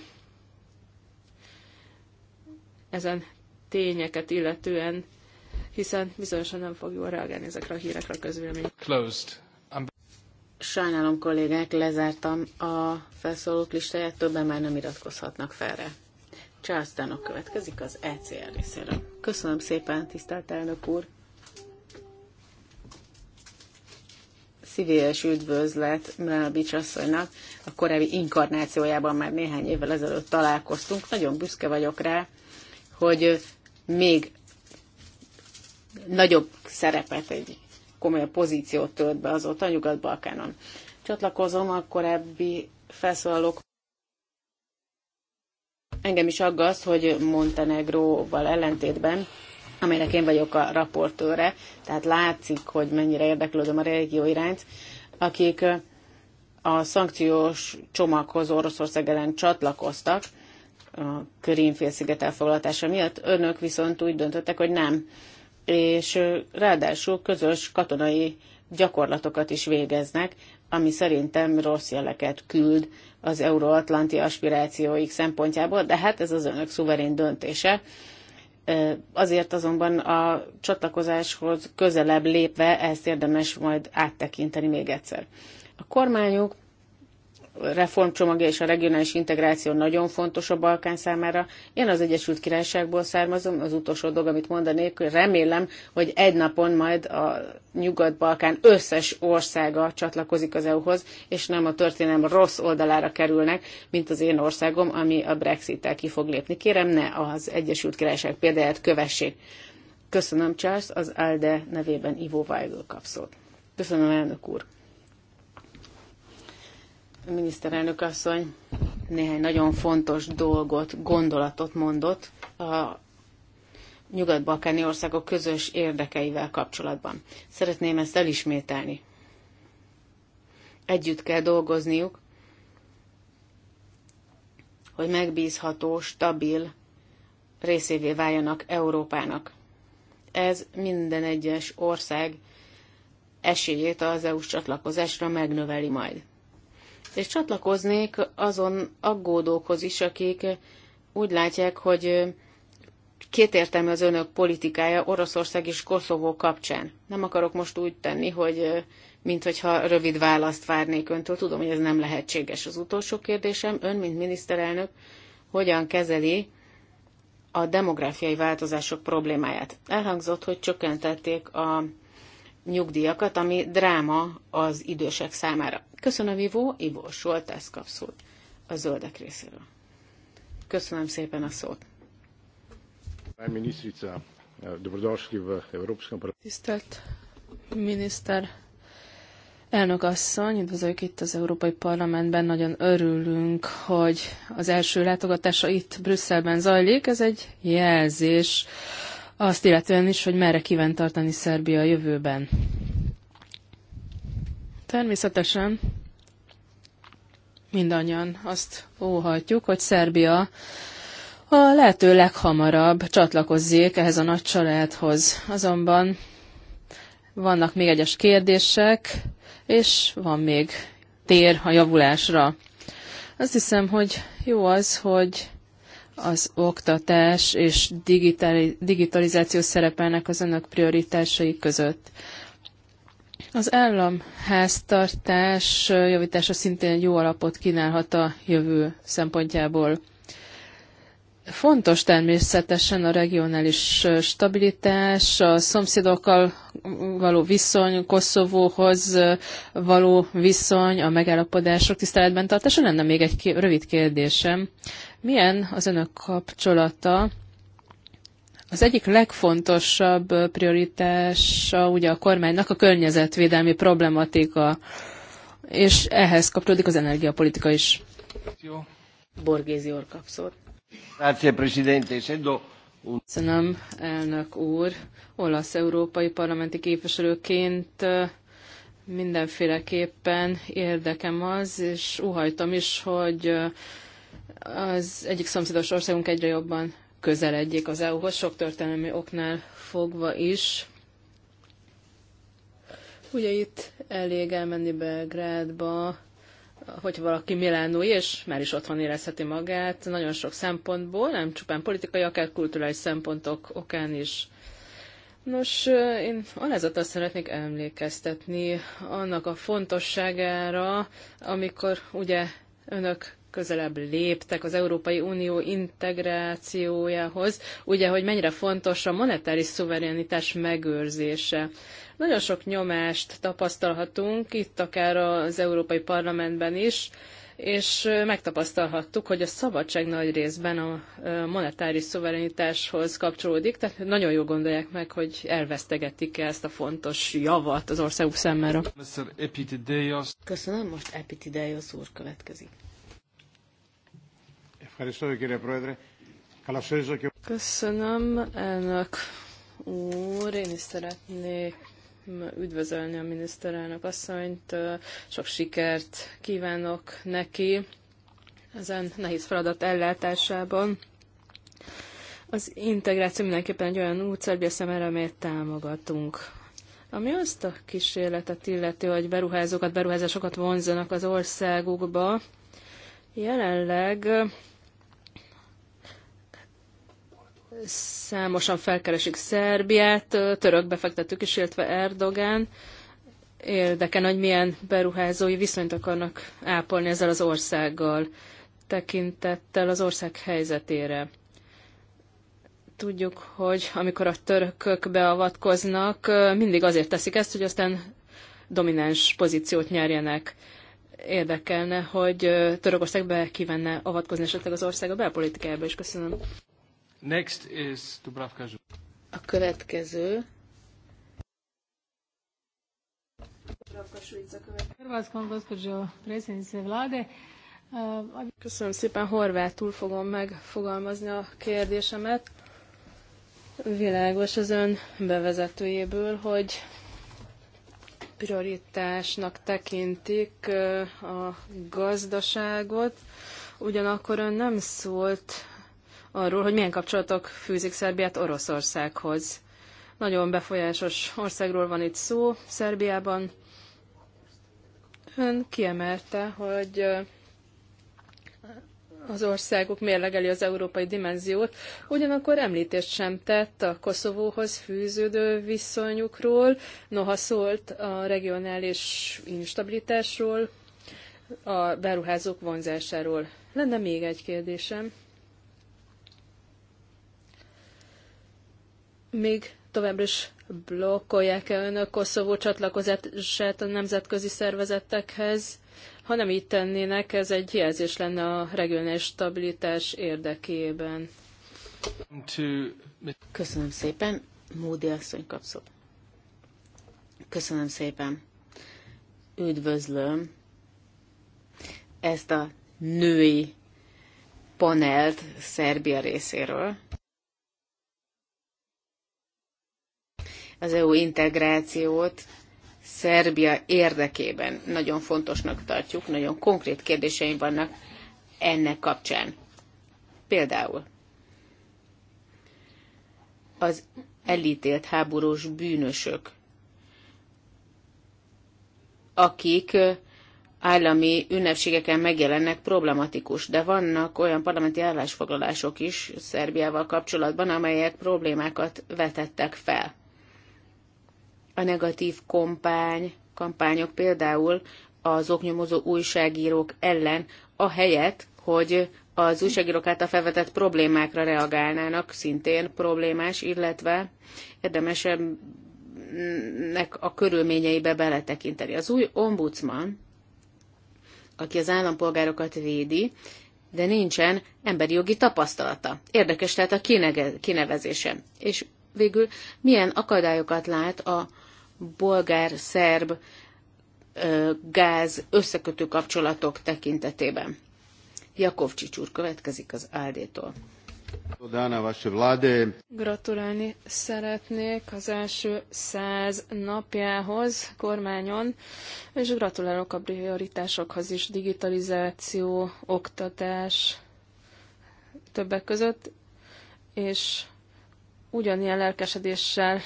ezen tényeket illetően, hiszen bizonyosan nem fog jól reagálni ezekre a hírekre a közvélemény. Closed. Sajnálom kollégák, lezártam a felszólók listáját, többen már nem iratkozhatnak fel rá. Charles Tanok következik az ECR részéről. Köszönöm szépen, tisztelt elnök úr! Szívélyes üdvözlet Melbics asszonynak. A korábbi inkarnációjában már néhány évvel ezelőtt találkoztunk. Nagyon büszke vagyok rá, hogy még nagyobb szerepet, egy komolyabb pozíciót tölt be azóta a Nyugat-Balkánon. Csatlakozom a korábbi felszólalók Engem is aggaszt, hogy Montenegróval ellentétben, amelynek én vagyok a raportőre, tehát látszik, hogy mennyire érdeklődöm a régió irányt, akik a szankciós csomaghoz Oroszország ellen csatlakoztak, a Körínfélsziget elfoglalása miatt, önök viszont úgy döntöttek, hogy nem. És ráadásul közös katonai gyakorlatokat is végeznek, ami szerintem rossz jeleket küld az euróatlanti aspirációik szempontjából, de hát ez az önök szuverén döntése. Azért azonban a csatlakozáshoz közelebb lépve ezt érdemes majd áttekinteni még egyszer. A kormányuk reformcsomagja és a regionális integráció nagyon fontos a Balkán számára. Én az Egyesült Királyságból származom, az utolsó dolog, amit mondanék, hogy remélem, hogy egy napon majd a Nyugat-Balkán összes országa csatlakozik az EU-hoz, és nem a történelem rossz oldalára kerülnek, mint az én országom, ami a Brexit-tel ki fog lépni. Kérem, ne az Egyesült Királyság példáját kövessék. Köszönöm, Charles, az ALDE nevében Ivo Weigl kapszót. Köszönöm, elnök úr miniszterelnök asszony néhány nagyon fontos dolgot, gondolatot mondott a nyugat-balkáni országok közös érdekeivel kapcsolatban. Szeretném ezt elismételni. Együtt kell dolgozniuk, hogy megbízható, stabil részévé váljanak Európának. Ez minden egyes ország esélyét az EU-s csatlakozásra megnöveli majd. És csatlakoznék azon aggódókhoz is, akik úgy látják, hogy kétértelmű az önök politikája Oroszország és Koszovó kapcsán. Nem akarok most úgy tenni, hogy mint hogyha rövid választ várnék öntől. Tudom, hogy ez nem lehetséges. Az utolsó kérdésem, ön, mint miniszterelnök, hogyan kezeli a demográfiai változások problémáját? Elhangzott, hogy csökkentették a nyugdíjakat, ami dráma az idősek számára. Köszönöm, Ivó. Ivó Soltász kapszult a zöldek részéről. Köszönöm szépen a szót. Tisztelt miniszter, elnök asszony, üdvözlők itt az Európai Parlamentben. Nagyon örülünk, hogy az első látogatása itt Brüsszelben zajlik. Ez egy jelzés azt illetően is, hogy merre kíván tartani Szerbia a jövőben. Természetesen mindannyian azt óhatjuk, hogy Szerbia a lehető leghamarabb csatlakozzék ehhez a nagy családhoz. Azonban vannak még egyes kérdések, és van még tér a javulásra. Azt hiszem, hogy jó az, hogy az oktatás és digitalizáció szerepelnek az önök prioritásai között. Az államháztartás javítása szintén jó alapot kínálhat a jövő szempontjából. Fontos természetesen a regionális stabilitás, a szomszédokkal való viszony, Koszovóhoz való viszony, a megállapodások tiszteletben tartása. Lenne még egy rövid kérdésem. Milyen az önök kapcsolata az egyik legfontosabb prioritása ugye a kormánynak a környezetvédelmi problematika, és ehhez kapcsolódik az energiapolitika is. Jó. Borgézi úr kapszor. Köszönöm, elnök úr. Olasz európai parlamenti képviselőként mindenféleképpen érdekem az, és uhajtom is, hogy az egyik szomszédos országunk egyre jobban közeledjék az EU-hoz, sok történelmi oknál fogva is. Ugye itt elég elmenni Belgrádba, hogy valaki milánói, és már is otthon érezheti magát nagyon sok szempontból, nem csupán politikai, akár kulturális szempontok okán is. Nos, én alázattal szeretnék emlékeztetni annak a fontosságára, amikor ugye önök közelebb léptek az Európai Unió integrációjához, ugye, hogy mennyire fontos a monetáris szuverenitás megőrzése. Nagyon sok nyomást tapasztalhatunk itt, akár az Európai Parlamentben is, és megtapasztalhattuk, hogy a szabadság nagy részben a monetáris szuverenitáshoz kapcsolódik, tehát nagyon jól gondolják meg, hogy elvesztegetik -e ezt a fontos javat az országuk számára. Köszönöm, most Epitideios úr következik. Köszönöm, elnök úr. Én is szeretnék üdvözölni a miniszterelnök asszonyt. Sok sikert kívánok neki ezen nehéz feladat ellátásában. Az integráció mindenképpen egy olyan út Szerbia szemére, amelyet támogatunk. Ami azt a kísérletet illeti, hogy beruházókat, beruházásokat vonzanak az országukba, jelenleg számosan felkeresik Szerbiát, török befektetők is, illetve Erdogán. Érdeken, hogy milyen beruházói viszonyt akarnak ápolni ezzel az országgal, tekintettel az ország helyzetére. Tudjuk, hogy amikor a törökök beavatkoznak, mindig azért teszik ezt, hogy aztán domináns pozíciót nyerjenek érdekelne, hogy Törökország be kívánna avatkozni esetleg az ország a belpolitikájába is. Köszönöm. Next is Dubravka Zsuzsa. A következő. Köszönöm szépen, horvátul fogom megfogalmazni a kérdésemet. Világos az ön bevezetőjéből, hogy prioritásnak tekintik a gazdaságot, ugyanakkor ön nem szólt arról, hogy milyen kapcsolatok fűzik Szerbiát Oroszországhoz. Nagyon befolyásos országról van itt szó Szerbiában. Ön kiemelte, hogy az országok mérlegeli az európai dimenziót, ugyanakkor említést sem tett a Koszovóhoz fűződő viszonyukról, noha szólt a regionális instabilitásról, a beruházók vonzásáról. Lenne még egy kérdésem. még továbbra is blokkolják-e önök Koszovó csatlakozását a nemzetközi szervezetekhez? Ha nem így tennének, ez egy jelzés lenne a regionális stabilitás érdekében. Köszönöm szépen. Módi asszony kapszok. Köszönöm szépen. Üdvözlöm ezt a női panelt Szerbia részéről. az EU integrációt Szerbia érdekében nagyon fontosnak tartjuk, nagyon konkrét kérdéseim vannak ennek kapcsán. Például az elítélt háborús bűnösök, akik állami ünnepségeken megjelennek problematikus, de vannak olyan parlamenti állásfoglalások is Szerbiával kapcsolatban, amelyek problémákat vetettek fel a negatív kampány, kampányok például az oknyomozó újságírók ellen, a helyet, hogy az újságírók által felvetett problémákra reagálnának, szintén problémás, illetve érdemesebbnek a körülményeibe beletekinteni. Az új ombudsman, aki az állampolgárokat védi, de nincsen emberi jogi tapasztalata. Érdekes tehát a kinevezése. És végül milyen akadályokat lát a bolgár-szerb gáz összekötő kapcsolatok tekintetében. Jakovcsics úr következik az Áldétól. Gratulálni szeretnék az első száz napjához kormányon, és gratulálok a prioritásokhoz is, digitalizáció, oktatás többek között, és ugyanilyen lelkesedéssel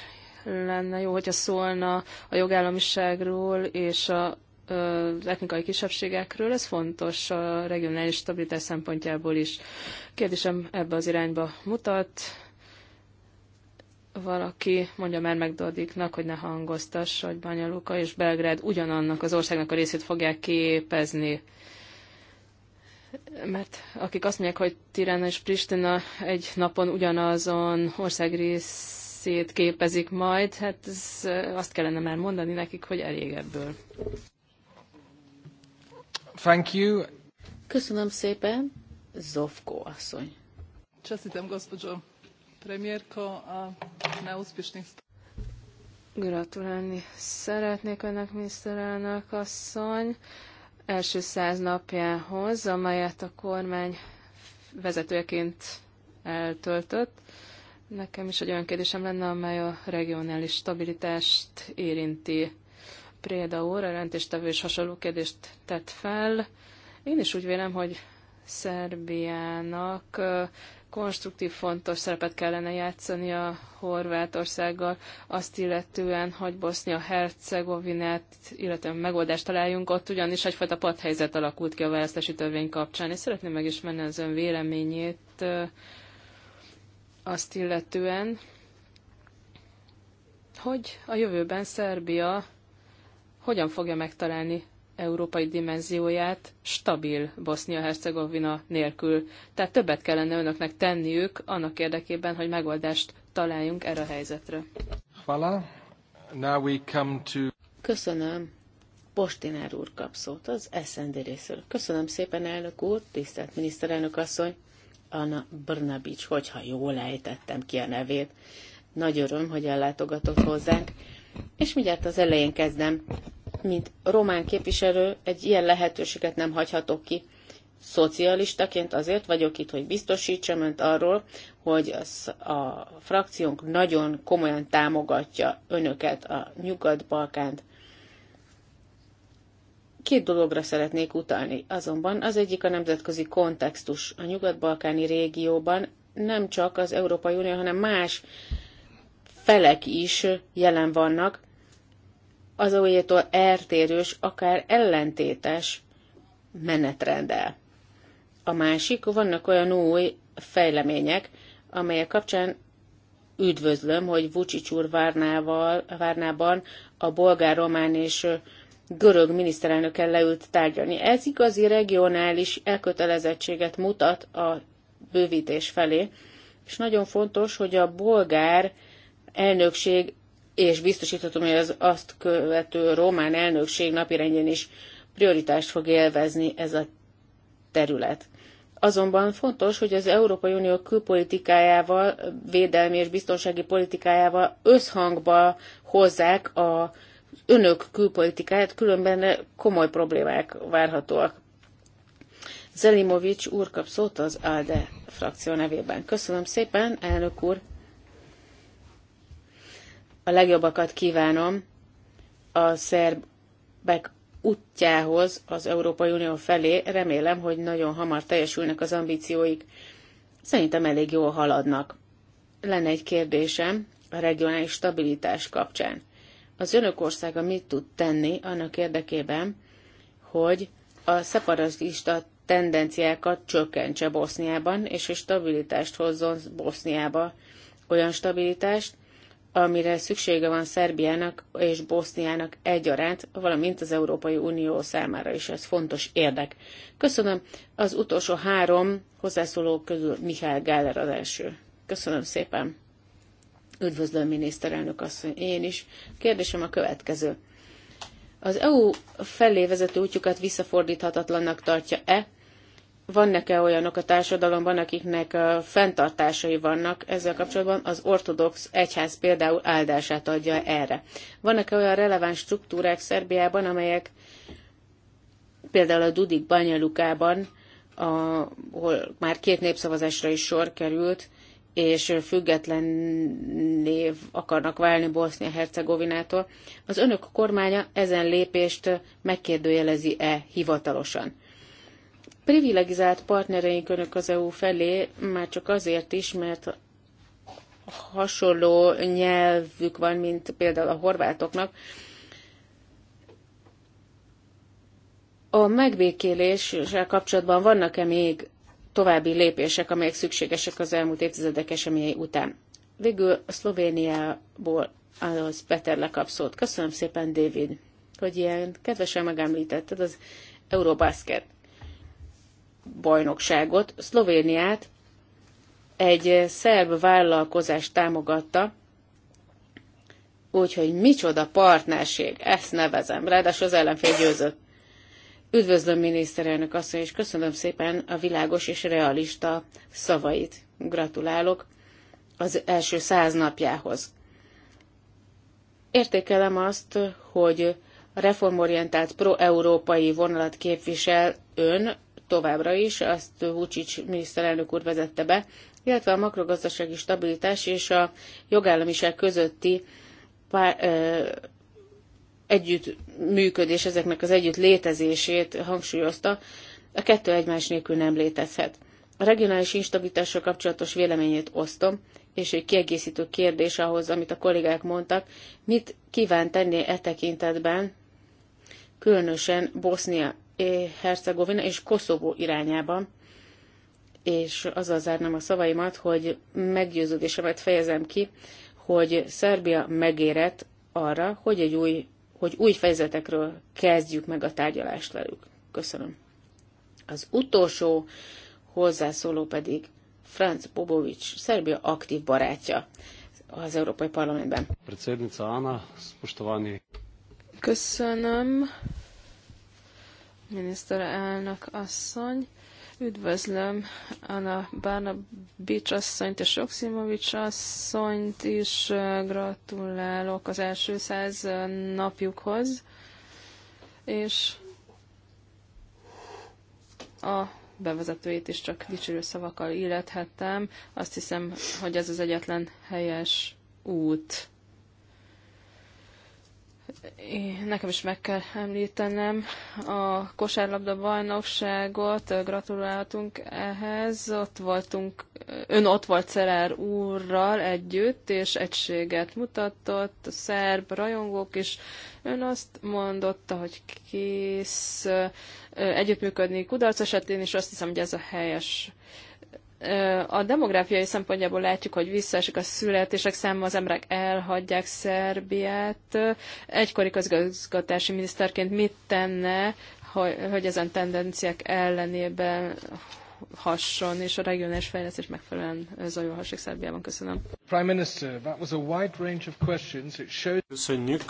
lenne jó, hogyha szólna a jogállamiságról és a az etnikai kisebbségekről, ez fontos a regionális stabilitás szempontjából is. Kérdésem ebbe az irányba mutat. Valaki mondja már meg Dodiknak, hogy ne hangoztassa, hogy Banyaluka és Belgrád ugyanannak az országnak a részét fogják képezni mert akik azt mondják, hogy Tirana és Pristina egy napon ugyanazon országrészét képezik majd, hát ez, eh, azt kellene már mondani nekik, hogy elég ebből. Thank you. Köszönöm szépen, Zovko asszony. Cseszítem, gospodzsó. premiérko, a neúspěšných Gratulálni szeretnék önnek, miniszterelnök asszony első száz napjához, amelyet a kormány vezetőjeként eltöltött. Nekem is egy olyan kérdésem lenne, amely a regionális stabilitást érinti. Préda úr, a jelentéstevő is hasonló kérdést tett fel. Én is úgy vélem, hogy Szerbiának konstruktív fontos szerepet kellene játszani a Horvátországgal, azt illetően, hogy Bosznia-Hercegovinát, illetve megoldást találjunk ott, ugyanis egyfajta padhelyzet alakult ki a választási törvény kapcsán, és szeretném megismerni az ön véleményét azt illetően, hogy a jövőben Szerbia hogyan fogja megtalálni európai dimenzióját stabil Bosznia-Hercegovina nélkül. Tehát többet kellene önöknek tenniük annak érdekében, hogy megoldást találjunk erre a helyzetre. Köszönöm. Postinár úr kap szót az SND részről. Köszönöm szépen, elnök úr, tisztelt miniszterelnök asszony, Anna Brnabics, hogyha jól ejtettem ki a nevét. Nagy öröm, hogy ellátogatott hozzánk. És mindjárt az elején kezdem mint román képviselő egy ilyen lehetőséget nem hagyhatok ki. Szocialistaként azért vagyok itt, hogy biztosítsam önt arról, hogy az a frakciónk nagyon komolyan támogatja önöket, a Nyugat-Balkánt. Két dologra szeretnék utalni, azonban az egyik a nemzetközi kontextus. A nyugat-balkáni régióban nem csak az Európai Unió, hanem más felek is jelen vannak, az olyétól eltérős, akár ellentétes menetrendel. A másik, vannak olyan új fejlemények, amelyek kapcsán üdvözlöm, hogy Vucic úr Várnával, Várnában a bolgár, román és görög miniszterelnökkel leült tárgyalni. Ez igazi regionális elkötelezettséget mutat a bővítés felé, és nagyon fontos, hogy a bolgár elnökség és biztosíthatom, hogy az azt követő román elnökség napirendjén is prioritást fog élvezni ez a terület. Azonban fontos, hogy az Európai Unió külpolitikájával, védelmi és biztonsági politikájával összhangba hozzák a önök külpolitikáját, különben komoly problémák várhatóak. Zelimovics úr kap szót az ALDE frakció nevében. Köszönöm szépen, elnök úr! A legjobbakat kívánom a szerbek útjához az Európai Unió felé. Remélem, hogy nagyon hamar teljesülnek az ambícióik. Szerintem elég jól haladnak. Lenne egy kérdésem a regionális stabilitás kapcsán. Az önök országa mit tud tenni annak érdekében, hogy a szeparatista tendenciákat csökkentse Boszniában, és a stabilitást hozzon Boszniába, olyan stabilitást, amire szüksége van Szerbiának és Boszniának egyaránt, valamint az Európai Unió számára is ez fontos érdek. Köszönöm. Az utolsó három hozzászóló közül Mihály Gáller az első. Köszönöm szépen. Üdvözlöm, miniszterelnök asszony, én is. Kérdésem a következő. Az EU felé vezető útjukat visszafordíthatatlannak tartja-e, vannak-e olyanok a társadalomban, akiknek fenntartásai vannak ezzel kapcsolatban, az ortodox egyház például áldását adja erre. Vannak-e olyan releváns struktúrák Szerbiában, amelyek például a Dudik Banyalukában, ahol már két népszavazásra is sor került, és függetlenné akarnak válni Bosznia-Hercegovinától. Az önök kormánya ezen lépést megkérdőjelezi-e hivatalosan? privilegizált partnereink önök az EU felé, már csak azért is, mert hasonló nyelvük van, mint például a horvátoknak. A megbékéléssel kapcsolatban vannak-e még további lépések, amelyek szükségesek az elmúlt évtizedek eseményei után? Végül a Szlovéniából az Peter lekapszót. Köszönöm szépen, David, hogy ilyen kedvesen megemlítetted az Eurobasket bajnokságot. Szlovéniát egy szerb vállalkozás támogatta, úgyhogy micsoda partnerség, ezt nevezem. Ráadásul az ellenfél győzött. Üdvözlöm miniszterelnök asszony, és köszönöm szépen a világos és realista szavait. Gratulálok az első száz napjához. Értékelem azt, hogy reformorientált pro-európai vonalat képvisel ön továbbra is, azt Vucic miniszterelnök úr vezette be, illetve a makrogazdasági stabilitás és a jogállamiság közötti pár, ö, együttműködés, ezeknek az együtt létezését hangsúlyozta, a kettő egymás nélkül nem létezhet. A regionális instabilitással kapcsolatos véleményét osztom, és egy kiegészítő kérdés ahhoz, amit a kollégák mondtak, mit kíván tenni e tekintetben, különösen Bosznia Hercegovina és Koszovó irányában, és azzal zárnám a szavaimat, hogy meggyőződésemet fejezem ki, hogy Szerbia megérett arra, hogy, egy új, hogy új fejezetekről kezdjük meg a tárgyalást velük. Köszönöm. Az utolsó hozzászóló pedig Franz Bobovics, Szerbia aktív barátja az Európai Parlamentben. Köszönöm miniszterelnök asszony. Üdvözlöm Anna Barnabics asszonyt és Joksimovics asszonyt is. Gratulálok az első száz napjukhoz. És a bevezetőjét is csak dicsérő szavakkal illethettem. Azt hiszem, hogy ez az egyetlen helyes út nekem is meg kell említenem a kosárlabda bajnokságot, gratuláltunk ehhez, ott voltunk, ön ott volt Szerár úrral együtt, és egységet mutatott, a szerb rajongók is, ön azt mondotta, hogy kész együttműködni kudarc esetén, és azt hiszem, hogy ez a helyes a demográfiai szempontjából látjuk, hogy visszaesik a születések száma, az emberek elhagyják Szerbiát. Egykori közgazgatási miniszterként mit tenne, hogy, hogy ezen tendenciák ellenében hasson, és a regionális fejlesztés megfelelően zajolhassék Szerbiában. Köszönöm. Prime Minister, that was a wide range of questions. It showed... Köszönjük.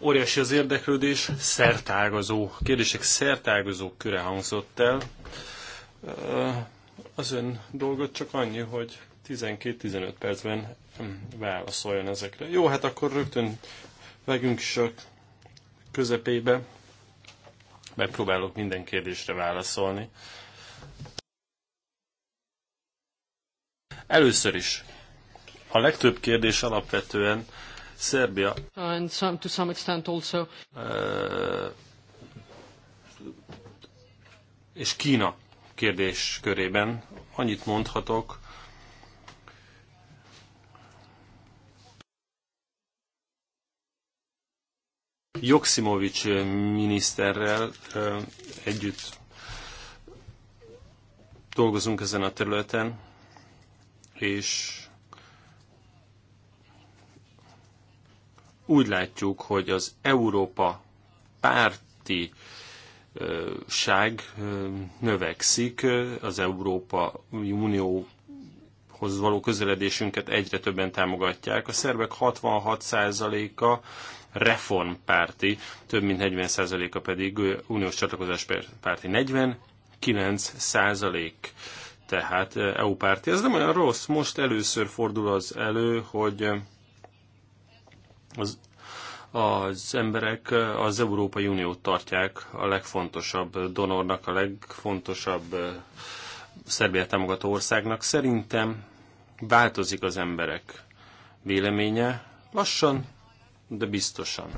Óriási az érdeklődés, szertágazó kérdések szertágazó köre hangzott el. Uh az ön dolgot csak annyi, hogy 12-15 percben hm, válaszoljon ezekre. Jó, hát akkor rögtön vegyünk is a közepébe. Megpróbálok minden kérdésre válaszolni. Először is, a legtöbb kérdés alapvetően Szerbia. And some, to some extent also. és Kína kérdés körében annyit mondhatok, Joksimovics miniszterrel együtt dolgozunk ezen a területen, és úgy látjuk, hogy az Európa párti ság növekszik, az Európai Unióhoz való közeledésünket egyre többen támogatják. A szerbek 66%-a reformpárti, több mint 40%-a pedig uniós csatlakozás párti 49% tehát EU párti. Ez nem olyan rossz, most először fordul az elő, hogy az az emberek az Európai Uniót tartják a legfontosabb donornak, a legfontosabb Szerbia támogató országnak. Szerintem változik az emberek véleménye lassan, de biztosan.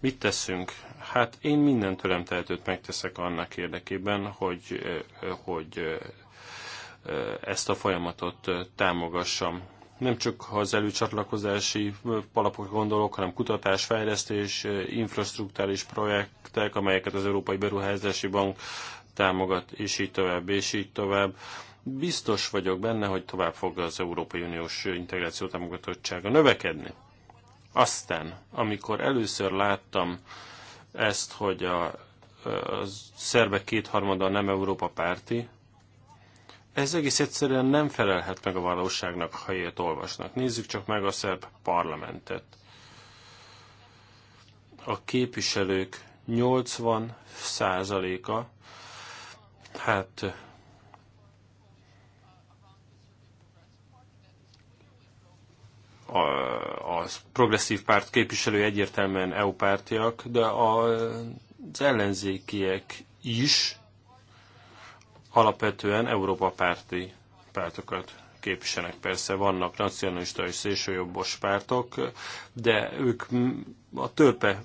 Mit teszünk? Hát én minden tőlem tehetőt megteszek annak érdekében, hogy, hogy ezt a folyamatot támogassam nem csak az előcsatlakozási palapok gondolok, hanem kutatás, fejlesztés, infrastruktúrális projektek, amelyeket az Európai Beruházási Bank támogat, és így tovább, és így tovább. Biztos vagyok benne, hogy tovább fog az Európai Uniós integráció támogatottsága növekedni. Aztán, amikor először láttam ezt, hogy a, a szerbek kétharmada nem Európa párti, ez egész egyszerűen nem felelhet meg a valóságnak, ha ilyet olvasnak. Nézzük csak meg a szerb parlamentet. A képviselők 80 százaléka, hát a, a progresszív párt képviselői egyértelműen EU pártiak, de a, az ellenzékiek is alapvetően Európa párti pártokat képviselnek. Persze vannak nacionalista és szélsőjobbos pártok, de ők a törpe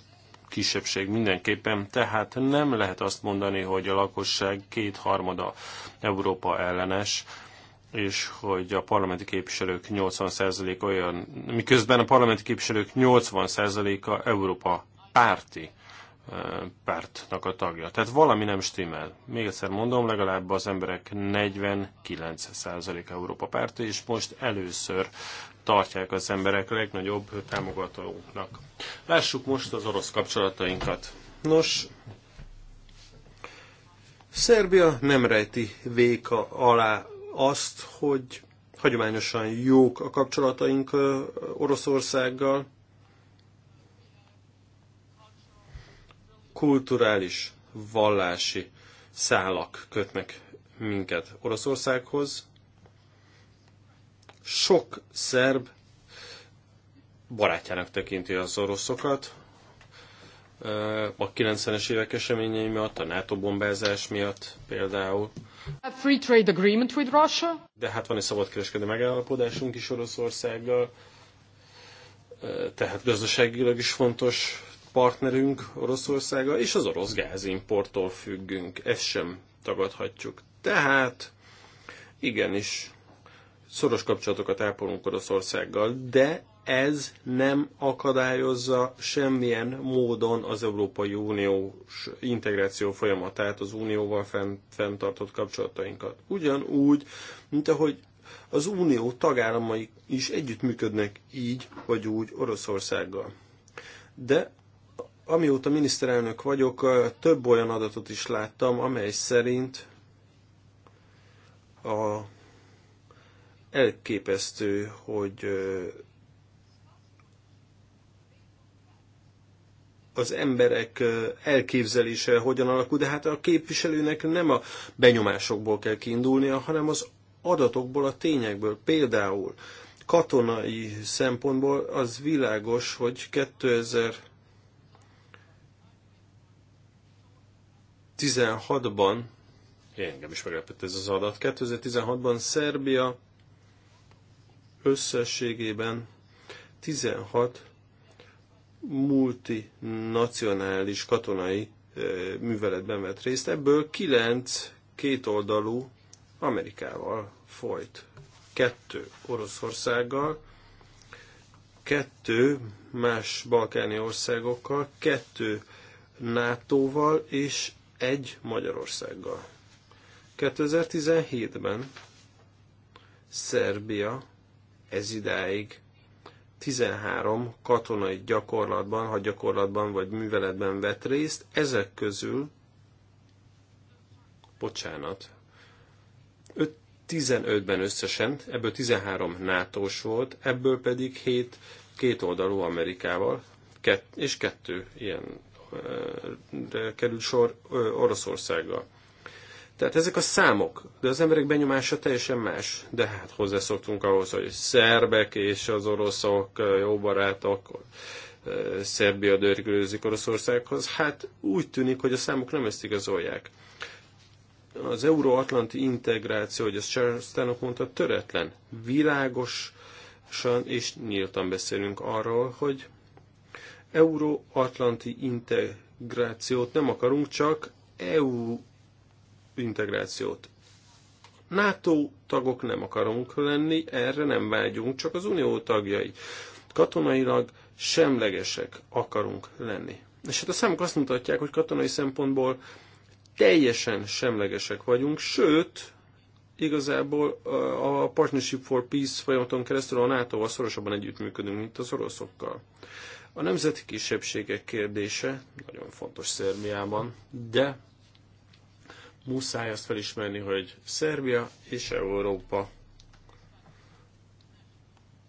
kisebbség mindenképpen, tehát nem lehet azt mondani, hogy a lakosság kétharmada Európa ellenes, és hogy a parlamenti képviselők 80% olyan, miközben a parlamenti képviselők 80%-a Európa párti pártnak a tagja. Tehát valami nem stimmel. Még egyszer mondom, legalább az emberek 49% Európa párti, és most először tartják az emberek legnagyobb támogatóknak. Lássuk most az orosz kapcsolatainkat. Nos, Szerbia nem rejti véka alá azt, hogy hagyományosan jók a kapcsolataink Oroszországgal, kulturális, vallási szálak kötnek minket Oroszországhoz. Sok szerb barátjának tekinti az oroszokat. A 90-es évek eseményei miatt, a NATO bombázás miatt például. A free trade agreement with Russia. De hát van egy szabadkereskedelmi megállapodásunk is Oroszországgal, tehát gazdaságilag is fontos partnerünk Oroszországa, és az orosz gázimporttól függünk, ezt sem tagadhatjuk. Tehát igenis szoros kapcsolatokat ápolunk Oroszországgal, de ez nem akadályozza semmilyen módon az Európai Uniós integráció folyamatát, az Unióval fenntartott kapcsolatainkat. Ugyanúgy, mint ahogy az Unió tagállamai is együttműködnek így vagy úgy Oroszországgal. De Amióta miniszterelnök vagyok, több olyan adatot is láttam, amely szerint a elképesztő, hogy az emberek elképzelése hogyan alakul, de hát a képviselőnek nem a benyomásokból kell kiindulnia, hanem az adatokból, a tényekből. Például katonai szempontból az világos, hogy 2000 2016-ban, engem is meglepett ez az adat, 2016-ban Szerbia összességében 16 multinacionális katonai eh, műveletben vett részt, ebből 9 kétoldalú Amerikával folyt, kettő Oroszországgal, kettő más balkáni országokkal, kettő NATO-val és egy Magyarországgal. 2017-ben Szerbia ez idáig 13 katonai gyakorlatban, ha gyakorlatban vagy műveletben vett részt, ezek közül, bocsánat, 5, 15-ben összesen, ebből 13 nato volt, ebből pedig 7 kétoldalú Amerikával, kett, és kettő ilyen kerül sor Oroszországgal. Tehát ezek a számok, de az emberek benyomása teljesen más. De hát hozzászoktunk ahhoz, hogy szerbek és az oroszok jó barátok, Szerbia dörgőzik Oroszországhoz. Hát úgy tűnik, hogy a számok nem ezt igazolják. Az euróatlanti integráció, hogy ezt Charles Stanok mondta, töretlen, világosan és nyíltan beszélünk arról, hogy Euróatlanti integrációt nem akarunk, csak EU integrációt. NATO tagok nem akarunk lenni, erre nem vágyunk, csak az unió tagjai. Katonailag semlegesek akarunk lenni. És hát a számok azt mutatják, hogy katonai szempontból teljesen semlegesek vagyunk, sőt, igazából a Partnership for Peace folyamaton keresztül a NATO-val szorosabban együttműködünk, mint az oroszokkal. A nemzeti kisebbségek kérdése nagyon fontos Szerbiában, de muszáj azt felismerni, hogy Szerbia és Európa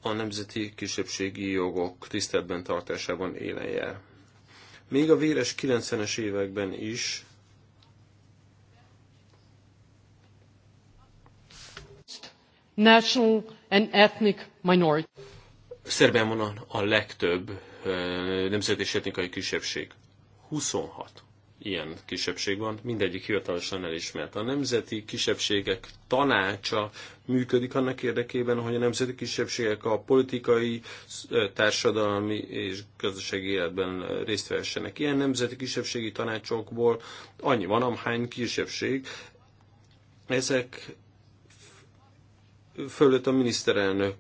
a nemzeti kisebbségi jogok tiszteletben tartásában élen jár. Még a véres 90-es években is national and ethnic minority. Szerbiában a legtöbb nemzet és etnikai kisebbség. 26 ilyen kisebbség van, mindegyik hivatalosan elismert. A Nemzeti Kisebbségek Tanácsa működik annak érdekében, hogy a nemzeti kisebbségek a politikai, társadalmi és gazdasági életben részt vehessenek. Ilyen nemzeti kisebbségi tanácsokból annyi van, amhány kisebbség. Ezek fölött a miniszterelnök,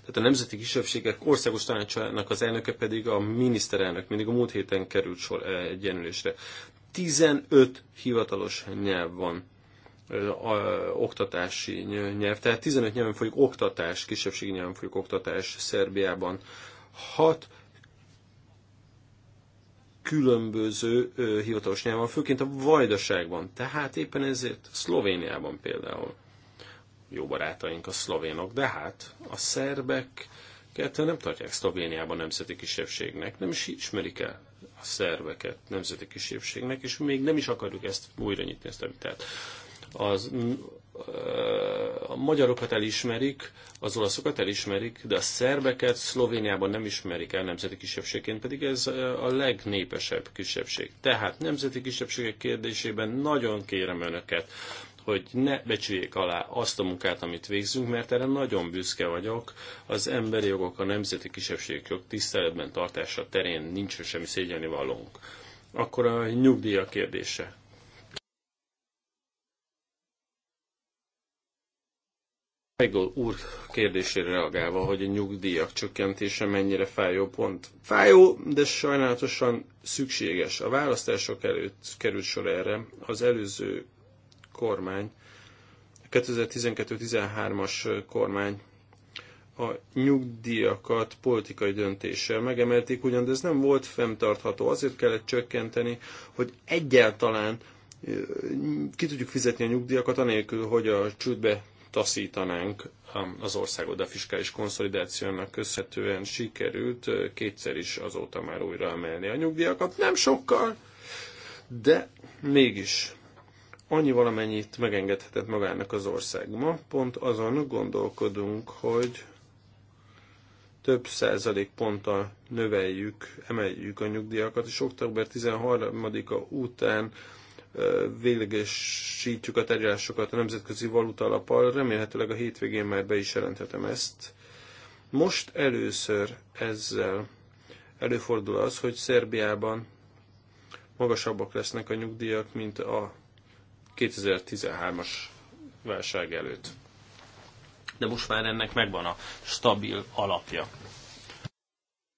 tehát a Nemzeti Kisebbségek Országos Tanácsának az elnöke pedig a miniszterelnök, mindig a múlt héten került sor egy jelenülésre. 15 hivatalos nyelv van oktatási nyelv, tehát 15 nyelven folyik oktatás, kisebbségi nyelven folyik oktatás Szerbiában. 6 különböző hivatalos nyelv van, főként a vajdaságban, tehát éppen ezért Szlovéniában például jó barátaink a szlovénok, de hát a szerbek nem tartják Szlovéniában nemzeti kisebbségnek, nem is ismerik el a szerveket nemzeti kisebbségnek, és még nem is akarjuk ezt újra nyitni, ezt a vitát. Az, a magyarokat elismerik, az olaszokat elismerik, de a szerbeket Szlovéniában nem ismerik el nemzeti kisebbségként, pedig ez a legnépesebb kisebbség. Tehát nemzeti kisebbségek kérdésében nagyon kérem önöket, hogy ne becsüljék alá azt a munkát, amit végzünk, mert erre nagyon büszke vagyok. Az emberi jogok, a nemzeti kisebbségek tiszteletben tartása terén nincs semmi szégyeni valónk. Akkor a nyugdíja kérdése. Michael úr kérdésére reagálva, hogy a nyugdíjak csökkentése mennyire fájó pont. Fájó, de sajnálatosan szükséges. A választások előtt került sor erre. Az előző kormány, 2012-13-as kormány a nyugdíjakat politikai döntéssel megemelték, ugyan de ez nem volt fenntartható, azért kellett csökkenteni, hogy egyáltalán ki tudjuk fizetni a nyugdíjakat, anélkül, hogy a csődbe taszítanánk az országot, de a fiskális konszolidációnak köszönhetően sikerült kétszer is azóta már újra emelni a nyugdíjakat, nem sokkal, de mégis annyi valamennyit megengedhetett magának az ország. Ma pont azon gondolkodunk, hogy több százalék ponttal növeljük, emeljük a nyugdíjakat, és október 13-a után véglegesítjük a tárgyalásokat a Nemzetközi Valuta Alapal. remélhetőleg a hétvégén már be is jelenthetem ezt. Most először ezzel előfordul az, hogy Szerbiában magasabbak lesznek a nyugdíjak, mint a 2013-as válság előtt. De most már ennek megvan a stabil alapja.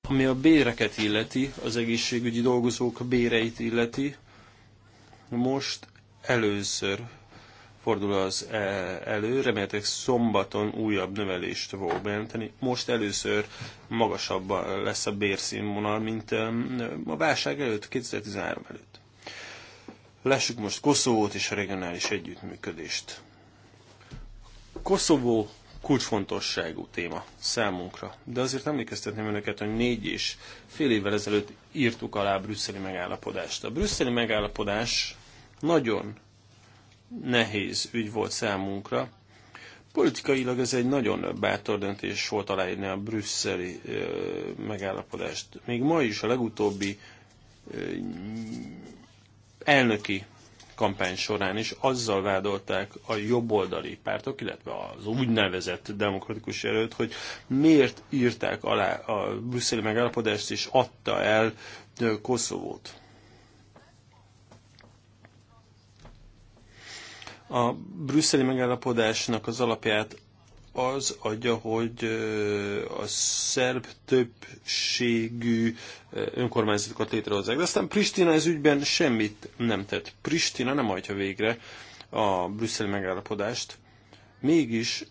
Ami a béreket illeti, az egészségügyi dolgozók béreit illeti, most először fordul az e- elő, remélhetőleg szombaton újabb növelést fog bejelenteni. Most először magasabb lesz a bérszínvonal, mint a válság előtt, 2013 előtt. Lássuk most Koszovót és a regionális együttműködést. Koszovó kulcsfontosságú téma számunkra, de azért emlékeztetném önöket, hogy négy és fél évvel ezelőtt írtuk alá a brüsszeli megállapodást. A brüsszeli megállapodás nagyon nehéz ügy volt számunkra. Politikailag ez egy nagyon bátor döntés volt aláírni a brüsszeli megállapodást. Még ma is a legutóbbi elnöki kampány során is azzal vádolták a jobboldali pártok, illetve az úgynevezett demokratikus erőt, hogy miért írták alá a brüsszeli megállapodást és adta el Koszovót. A brüsszeli megállapodásnak az alapját az adja, hogy a szerb többségű önkormányzatokat létrehozzák. De aztán Pristina ez ügyben semmit nem tett. Pristina nem hagyja végre a brüsszeli megállapodást. Mégis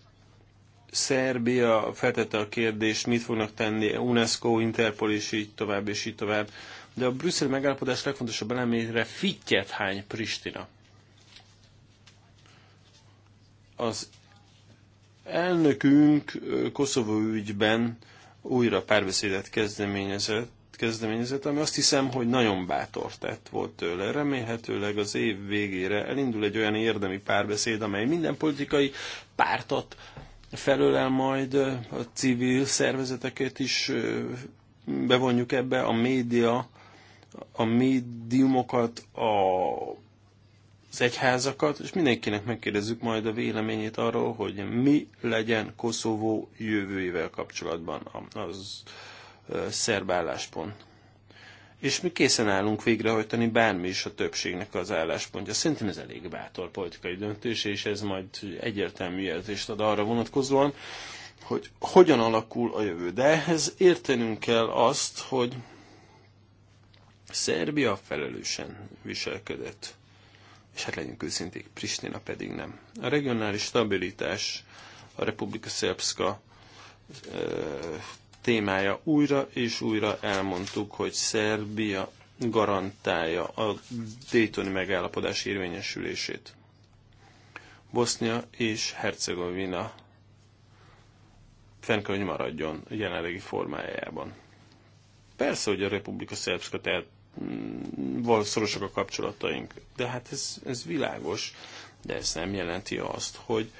Szerbia feltette a kérdést, mit fognak tenni UNESCO, Interpol és így tovább, és így tovább. De a brüsszeli megállapodás legfontosabb elemére fittyet hány Pristina. Az Elnökünk Koszovó ügyben újra párbeszédet kezdeményezett, kezdeményezett, ami azt hiszem, hogy nagyon bátor tett volt tőle. Remélhetőleg az év végére elindul egy olyan érdemi párbeszéd, amely minden politikai pártot felölel majd, a civil szervezeteket is bevonjuk ebbe, a média, a médiumokat, a az egyházakat, és mindenkinek megkérdezzük majd a véleményét arról, hogy mi legyen Koszovó jövőjével kapcsolatban az szerb álláspont. És mi készen állunk végrehajtani bármi is a többségnek az álláspontja. Szerintem ez elég bátor politikai döntés, és ez majd egyértelmű jelzést ad arra vonatkozóan, hogy hogyan alakul a jövő. De ehhez értenünk kell azt, hogy Szerbia felelősen viselkedett és hát legyünk őszinték, Pristina pedig nem. A regionális stabilitás a Republika Szerbszka témája újra és újra elmondtuk, hogy Szerbia garantálja a Daytoni megállapodás érvényesülését. Bosznia és Hercegovina fenn kell, hogy maradjon jelenlegi formájában. Persze, hogy a Republika Szerbszka szorosak a kapcsolataink. De hát ez, ez világos, de ez nem jelenti azt, hogy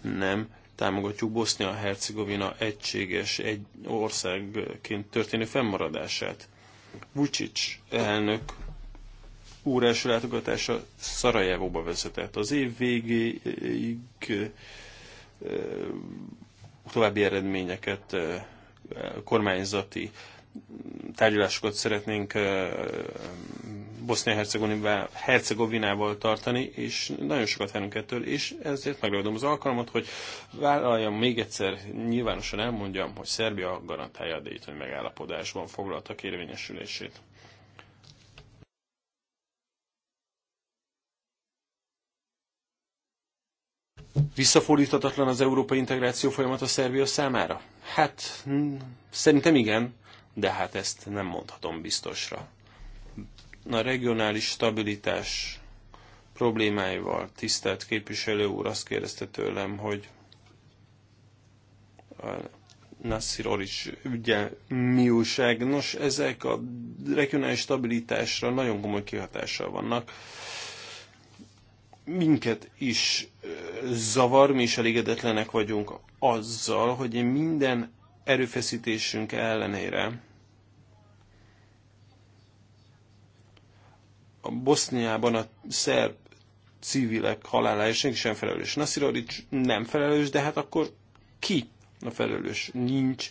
nem támogatjuk Bosznia-Hercegovina egységes egy országként történő fennmaradását. Vucic elnök úr első látogatása Szarajevóba vezetett. Az év végéig további eredményeket kormányzati tárgyalásokat szeretnénk Bosznia-Hercegovinával tartani, és nagyon sokat várunk ettől, és ezért megragadom az alkalmat, hogy vállaljam még egyszer, nyilvánosan elmondjam, hogy Szerbia garantálja a Dayton megállapodásban foglaltak kérvényesülését. Visszafordíthatatlan az európai integráció folyamata Szerbia számára? Hát, szerintem igen de hát ezt nem mondhatom biztosra. A regionális stabilitás problémáival tisztelt képviselő úr azt kérdezte tőlem, hogy a eh, Nassir Oric ügye mi újság. Nos, ezek a regionális stabilitásra nagyon komoly kihatással vannak. Minket is eh, zavar, mi is elégedetlenek vagyunk azzal, hogy minden erőfeszítésünk ellenére Boszniában a szerb civilek és senki sem felelős. Nasirovic nem felelős, de hát akkor ki a felelős? Nincs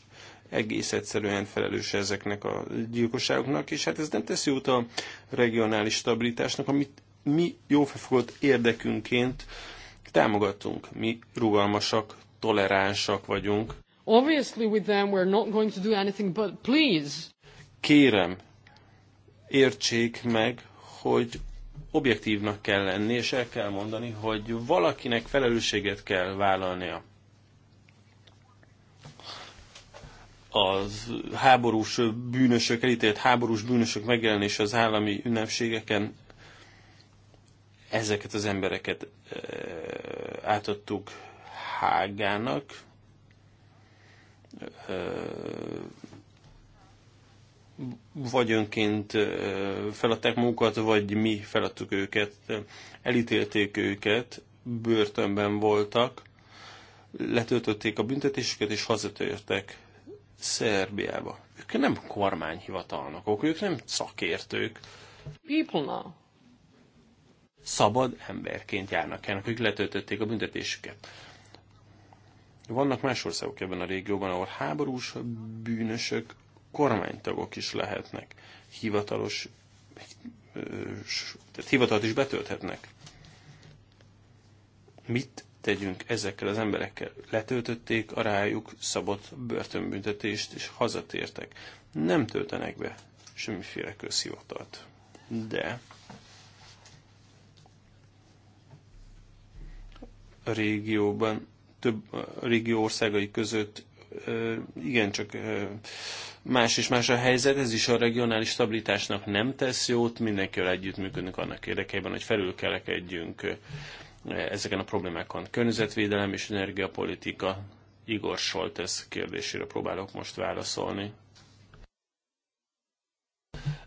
egész egyszerűen felelős ezeknek a gyilkosságoknak, és hát ez nem teszi út a regionális stabilitásnak, amit mi jófefogodt érdekünként támogatunk. Mi rugalmasak, toleránsak vagyunk. Obviously with them we're not going to do anything but please. Kérem, értsék meg, hogy objektívnak kell lenni, és el kell mondani, hogy valakinek felelősséget kell vállalnia. Az háborús bűnösök, elítélt háborús bűnösök megjelenése az állami ünnepségeken ezeket az embereket eh, átadtuk Hágának, eh, vagy önként feladták munkat, vagy mi feladtuk őket, elítélték őket, börtönben voltak, letöltötték a büntetésüket, és hazatértek Szerbiába. Ők nem kormányhivatalnokok, ők nem szakértők. People now. Szabad emberként járnak el, akik letöltötték a büntetésüket. Vannak más országok ebben a régióban, ahol háborús bűnösök kormánytagok is lehetnek, hivatalos, tehát hivatalt is betölthetnek. Mit tegyünk ezekkel az emberekkel? Letöltötték a rájuk szabott börtönbüntetést, és hazatértek. Nem töltenek be semmiféle közhivatalt. De a régióban, több a régió országai között igencsak más és más a helyzet, ez is a regionális stabilitásnak nem tesz jót, mindenkivel együttműködünk annak érdekében, hogy felülkelekedjünk eh, ezeken a problémákon. Környezetvédelem és energiapolitika. Igor Soltes kérdésére próbálok most válaszolni.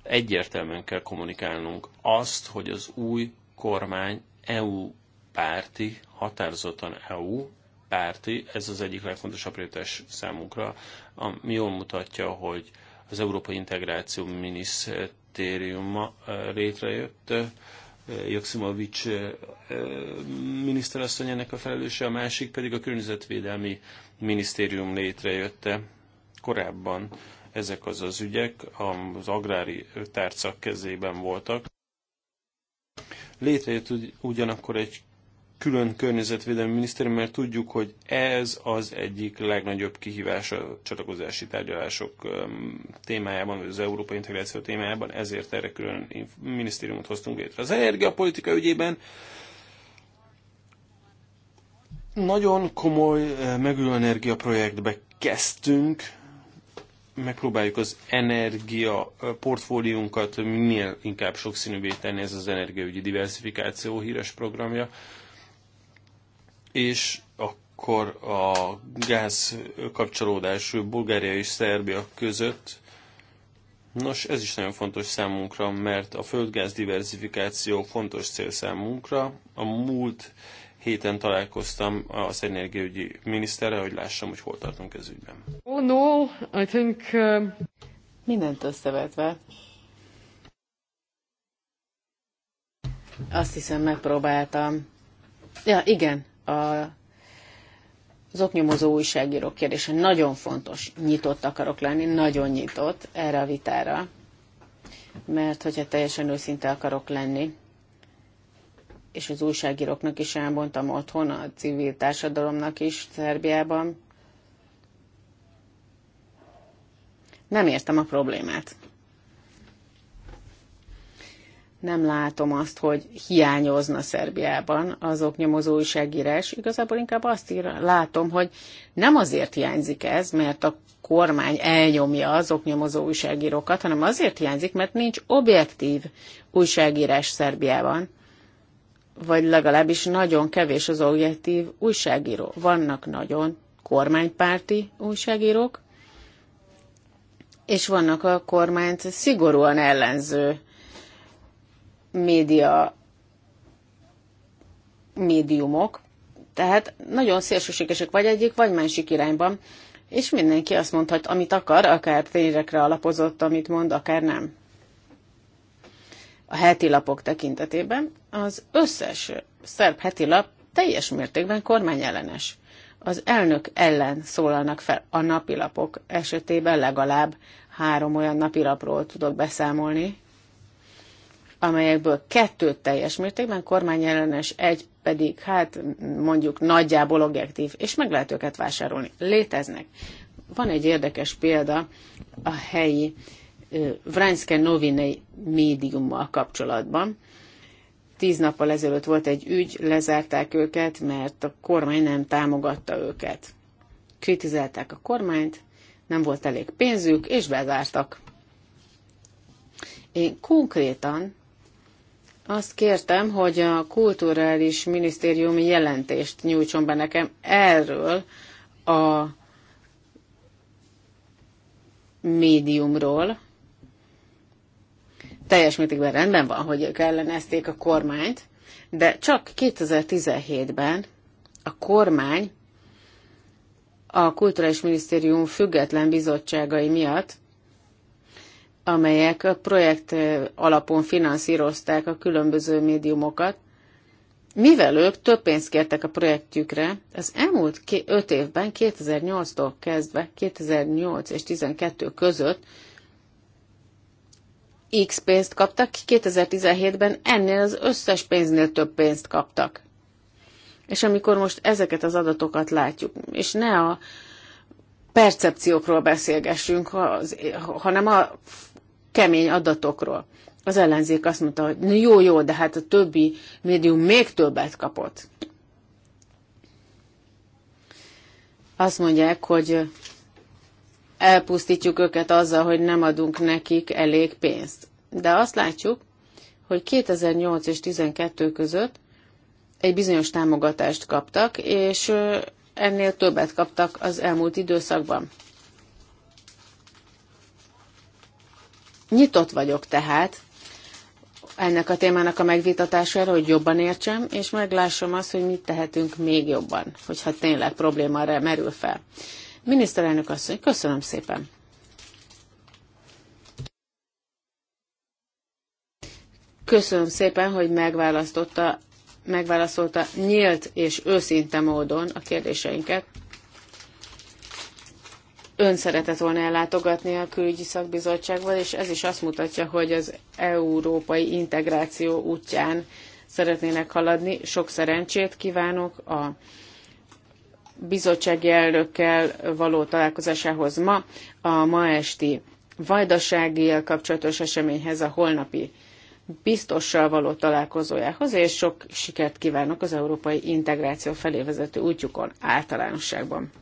Egyértelműen kell kommunikálnunk azt, hogy az új kormány EU párti, határozottan EU párti, ez az egyik legfontosabb prioritás számunkra, ami jól mutatja, hogy az Európai Integráció Minisztériuma létrejött, Joksimovics miniszterasszony ennek a felelőse, a másik pedig a Környezetvédelmi Minisztérium létrejötte. Korábban ezek az az ügyek az agrári tárcak kezében voltak. Létrejött ugyanakkor egy külön környezetvédelmi miniszter, mert tudjuk, hogy ez az egyik legnagyobb kihívás a csatlakozási tárgyalások témájában, az európai integráció témájában, ezért erre külön minisztériumot hoztunk létre. Az energiapolitika ügyében nagyon komoly megülő energiaprojektbe kezdtünk, megpróbáljuk az energia portfóliunkat minél inkább sokszínűvé tenni, ez az energiaügyi diversifikáció híres programja és akkor a gáz kapcsolódás Bulgária és Szerbia között. Nos, ez is nagyon fontos számunkra, mert a földgáz diversifikáció fontos cél számunkra. A múlt héten találkoztam az energiaügyi miniszterrel, hogy lássam, hogy hol tartunk ez ügyben. Oh no, I think... Uh... Mindent összevetve. Azt hiszem megpróbáltam. Ja, igen, a, az oknyomozó újságírók kérdése nagyon fontos. Nyitott akarok lenni, nagyon nyitott erre a vitára, mert hogyha teljesen őszinte akarok lenni, és az újságíróknak is elmondtam otthon, a civil társadalomnak is Szerbiában, nem értem a problémát nem látom azt, hogy hiányozna Szerbiában azok nyomozó újságírás. Igazából inkább azt ír, látom, hogy nem azért hiányzik ez, mert a kormány elnyomja azok nyomozó újságírókat, hanem azért hiányzik, mert nincs objektív újságírás Szerbiában, vagy legalábbis nagyon kevés az objektív újságíró. Vannak nagyon kormánypárti újságírók, és vannak a kormányt szigorúan ellenző média médiumok, tehát nagyon szélsőségesek vagy egyik, vagy másik irányban, és mindenki azt mondhat, amit akar, akár tényekre alapozott, amit mond, akár nem. A heti lapok tekintetében az összes szerb heti lap teljes mértékben kormányellenes. Az elnök ellen szólalnak fel a napilapok esetében legalább három olyan napilapról tudok beszámolni, amelyekből kettő teljes mértékben kormányellenes, egy pedig, hát mondjuk nagyjából objektív, és meg lehet őket vásárolni. Léteznek. Van egy érdekes példa a helyi Vranszke Novinei médiummal kapcsolatban. Tíz nappal ezelőtt volt egy ügy, lezárták őket, mert a kormány nem támogatta őket. Kritizálták a kormányt, nem volt elég pénzük, és bezártak. Én konkrétan azt kértem, hogy a kulturális minisztérium jelentést nyújtson be nekem erről a médiumról. Teljes mértékben rendben van, hogy ők ellenezték a kormányt, de csak 2017-ben a kormány a Kulturális Minisztérium független bizottságai miatt amelyek a projekt alapon finanszírozták a különböző médiumokat, mivel ők több pénzt kértek a projektjükre, az elmúlt öt évben, 2008-tól kezdve, 2008 és 2012 között X pénzt kaptak, 2017-ben ennél az összes pénznél több pénzt kaptak. És amikor most ezeket az adatokat látjuk, és ne a percepciókról beszélgessünk, hanem a kemény adatokról. Az ellenzék azt mondta, hogy jó, jó, de hát a többi médium még többet kapott. Azt mondják, hogy elpusztítjuk őket azzal, hogy nem adunk nekik elég pénzt. De azt látjuk, hogy 2008 és 2012 között egy bizonyos támogatást kaptak, és ennél többet kaptak az elmúlt időszakban. Nyitott vagyok tehát ennek a témának a megvitatására, hogy jobban értsem, és meglássam azt, hogy mit tehetünk még jobban, hogyha tényleg probléma erre merül fel. Miniszterelnök asszony, köszönöm szépen! Köszönöm szépen, hogy megválasztotta, megválaszolta nyílt és őszinte módon a kérdéseinket ön szeretett volna ellátogatni a külügyi szakbizottságban, és ez is azt mutatja, hogy az európai integráció útján szeretnének haladni. Sok szerencsét kívánok a bizottsági elnökkel való találkozásához ma, a ma esti vajdasági kapcsolatos eseményhez a holnapi biztossal való találkozójához, és sok sikert kívánok az európai integráció felé vezető útjukon általánosságban.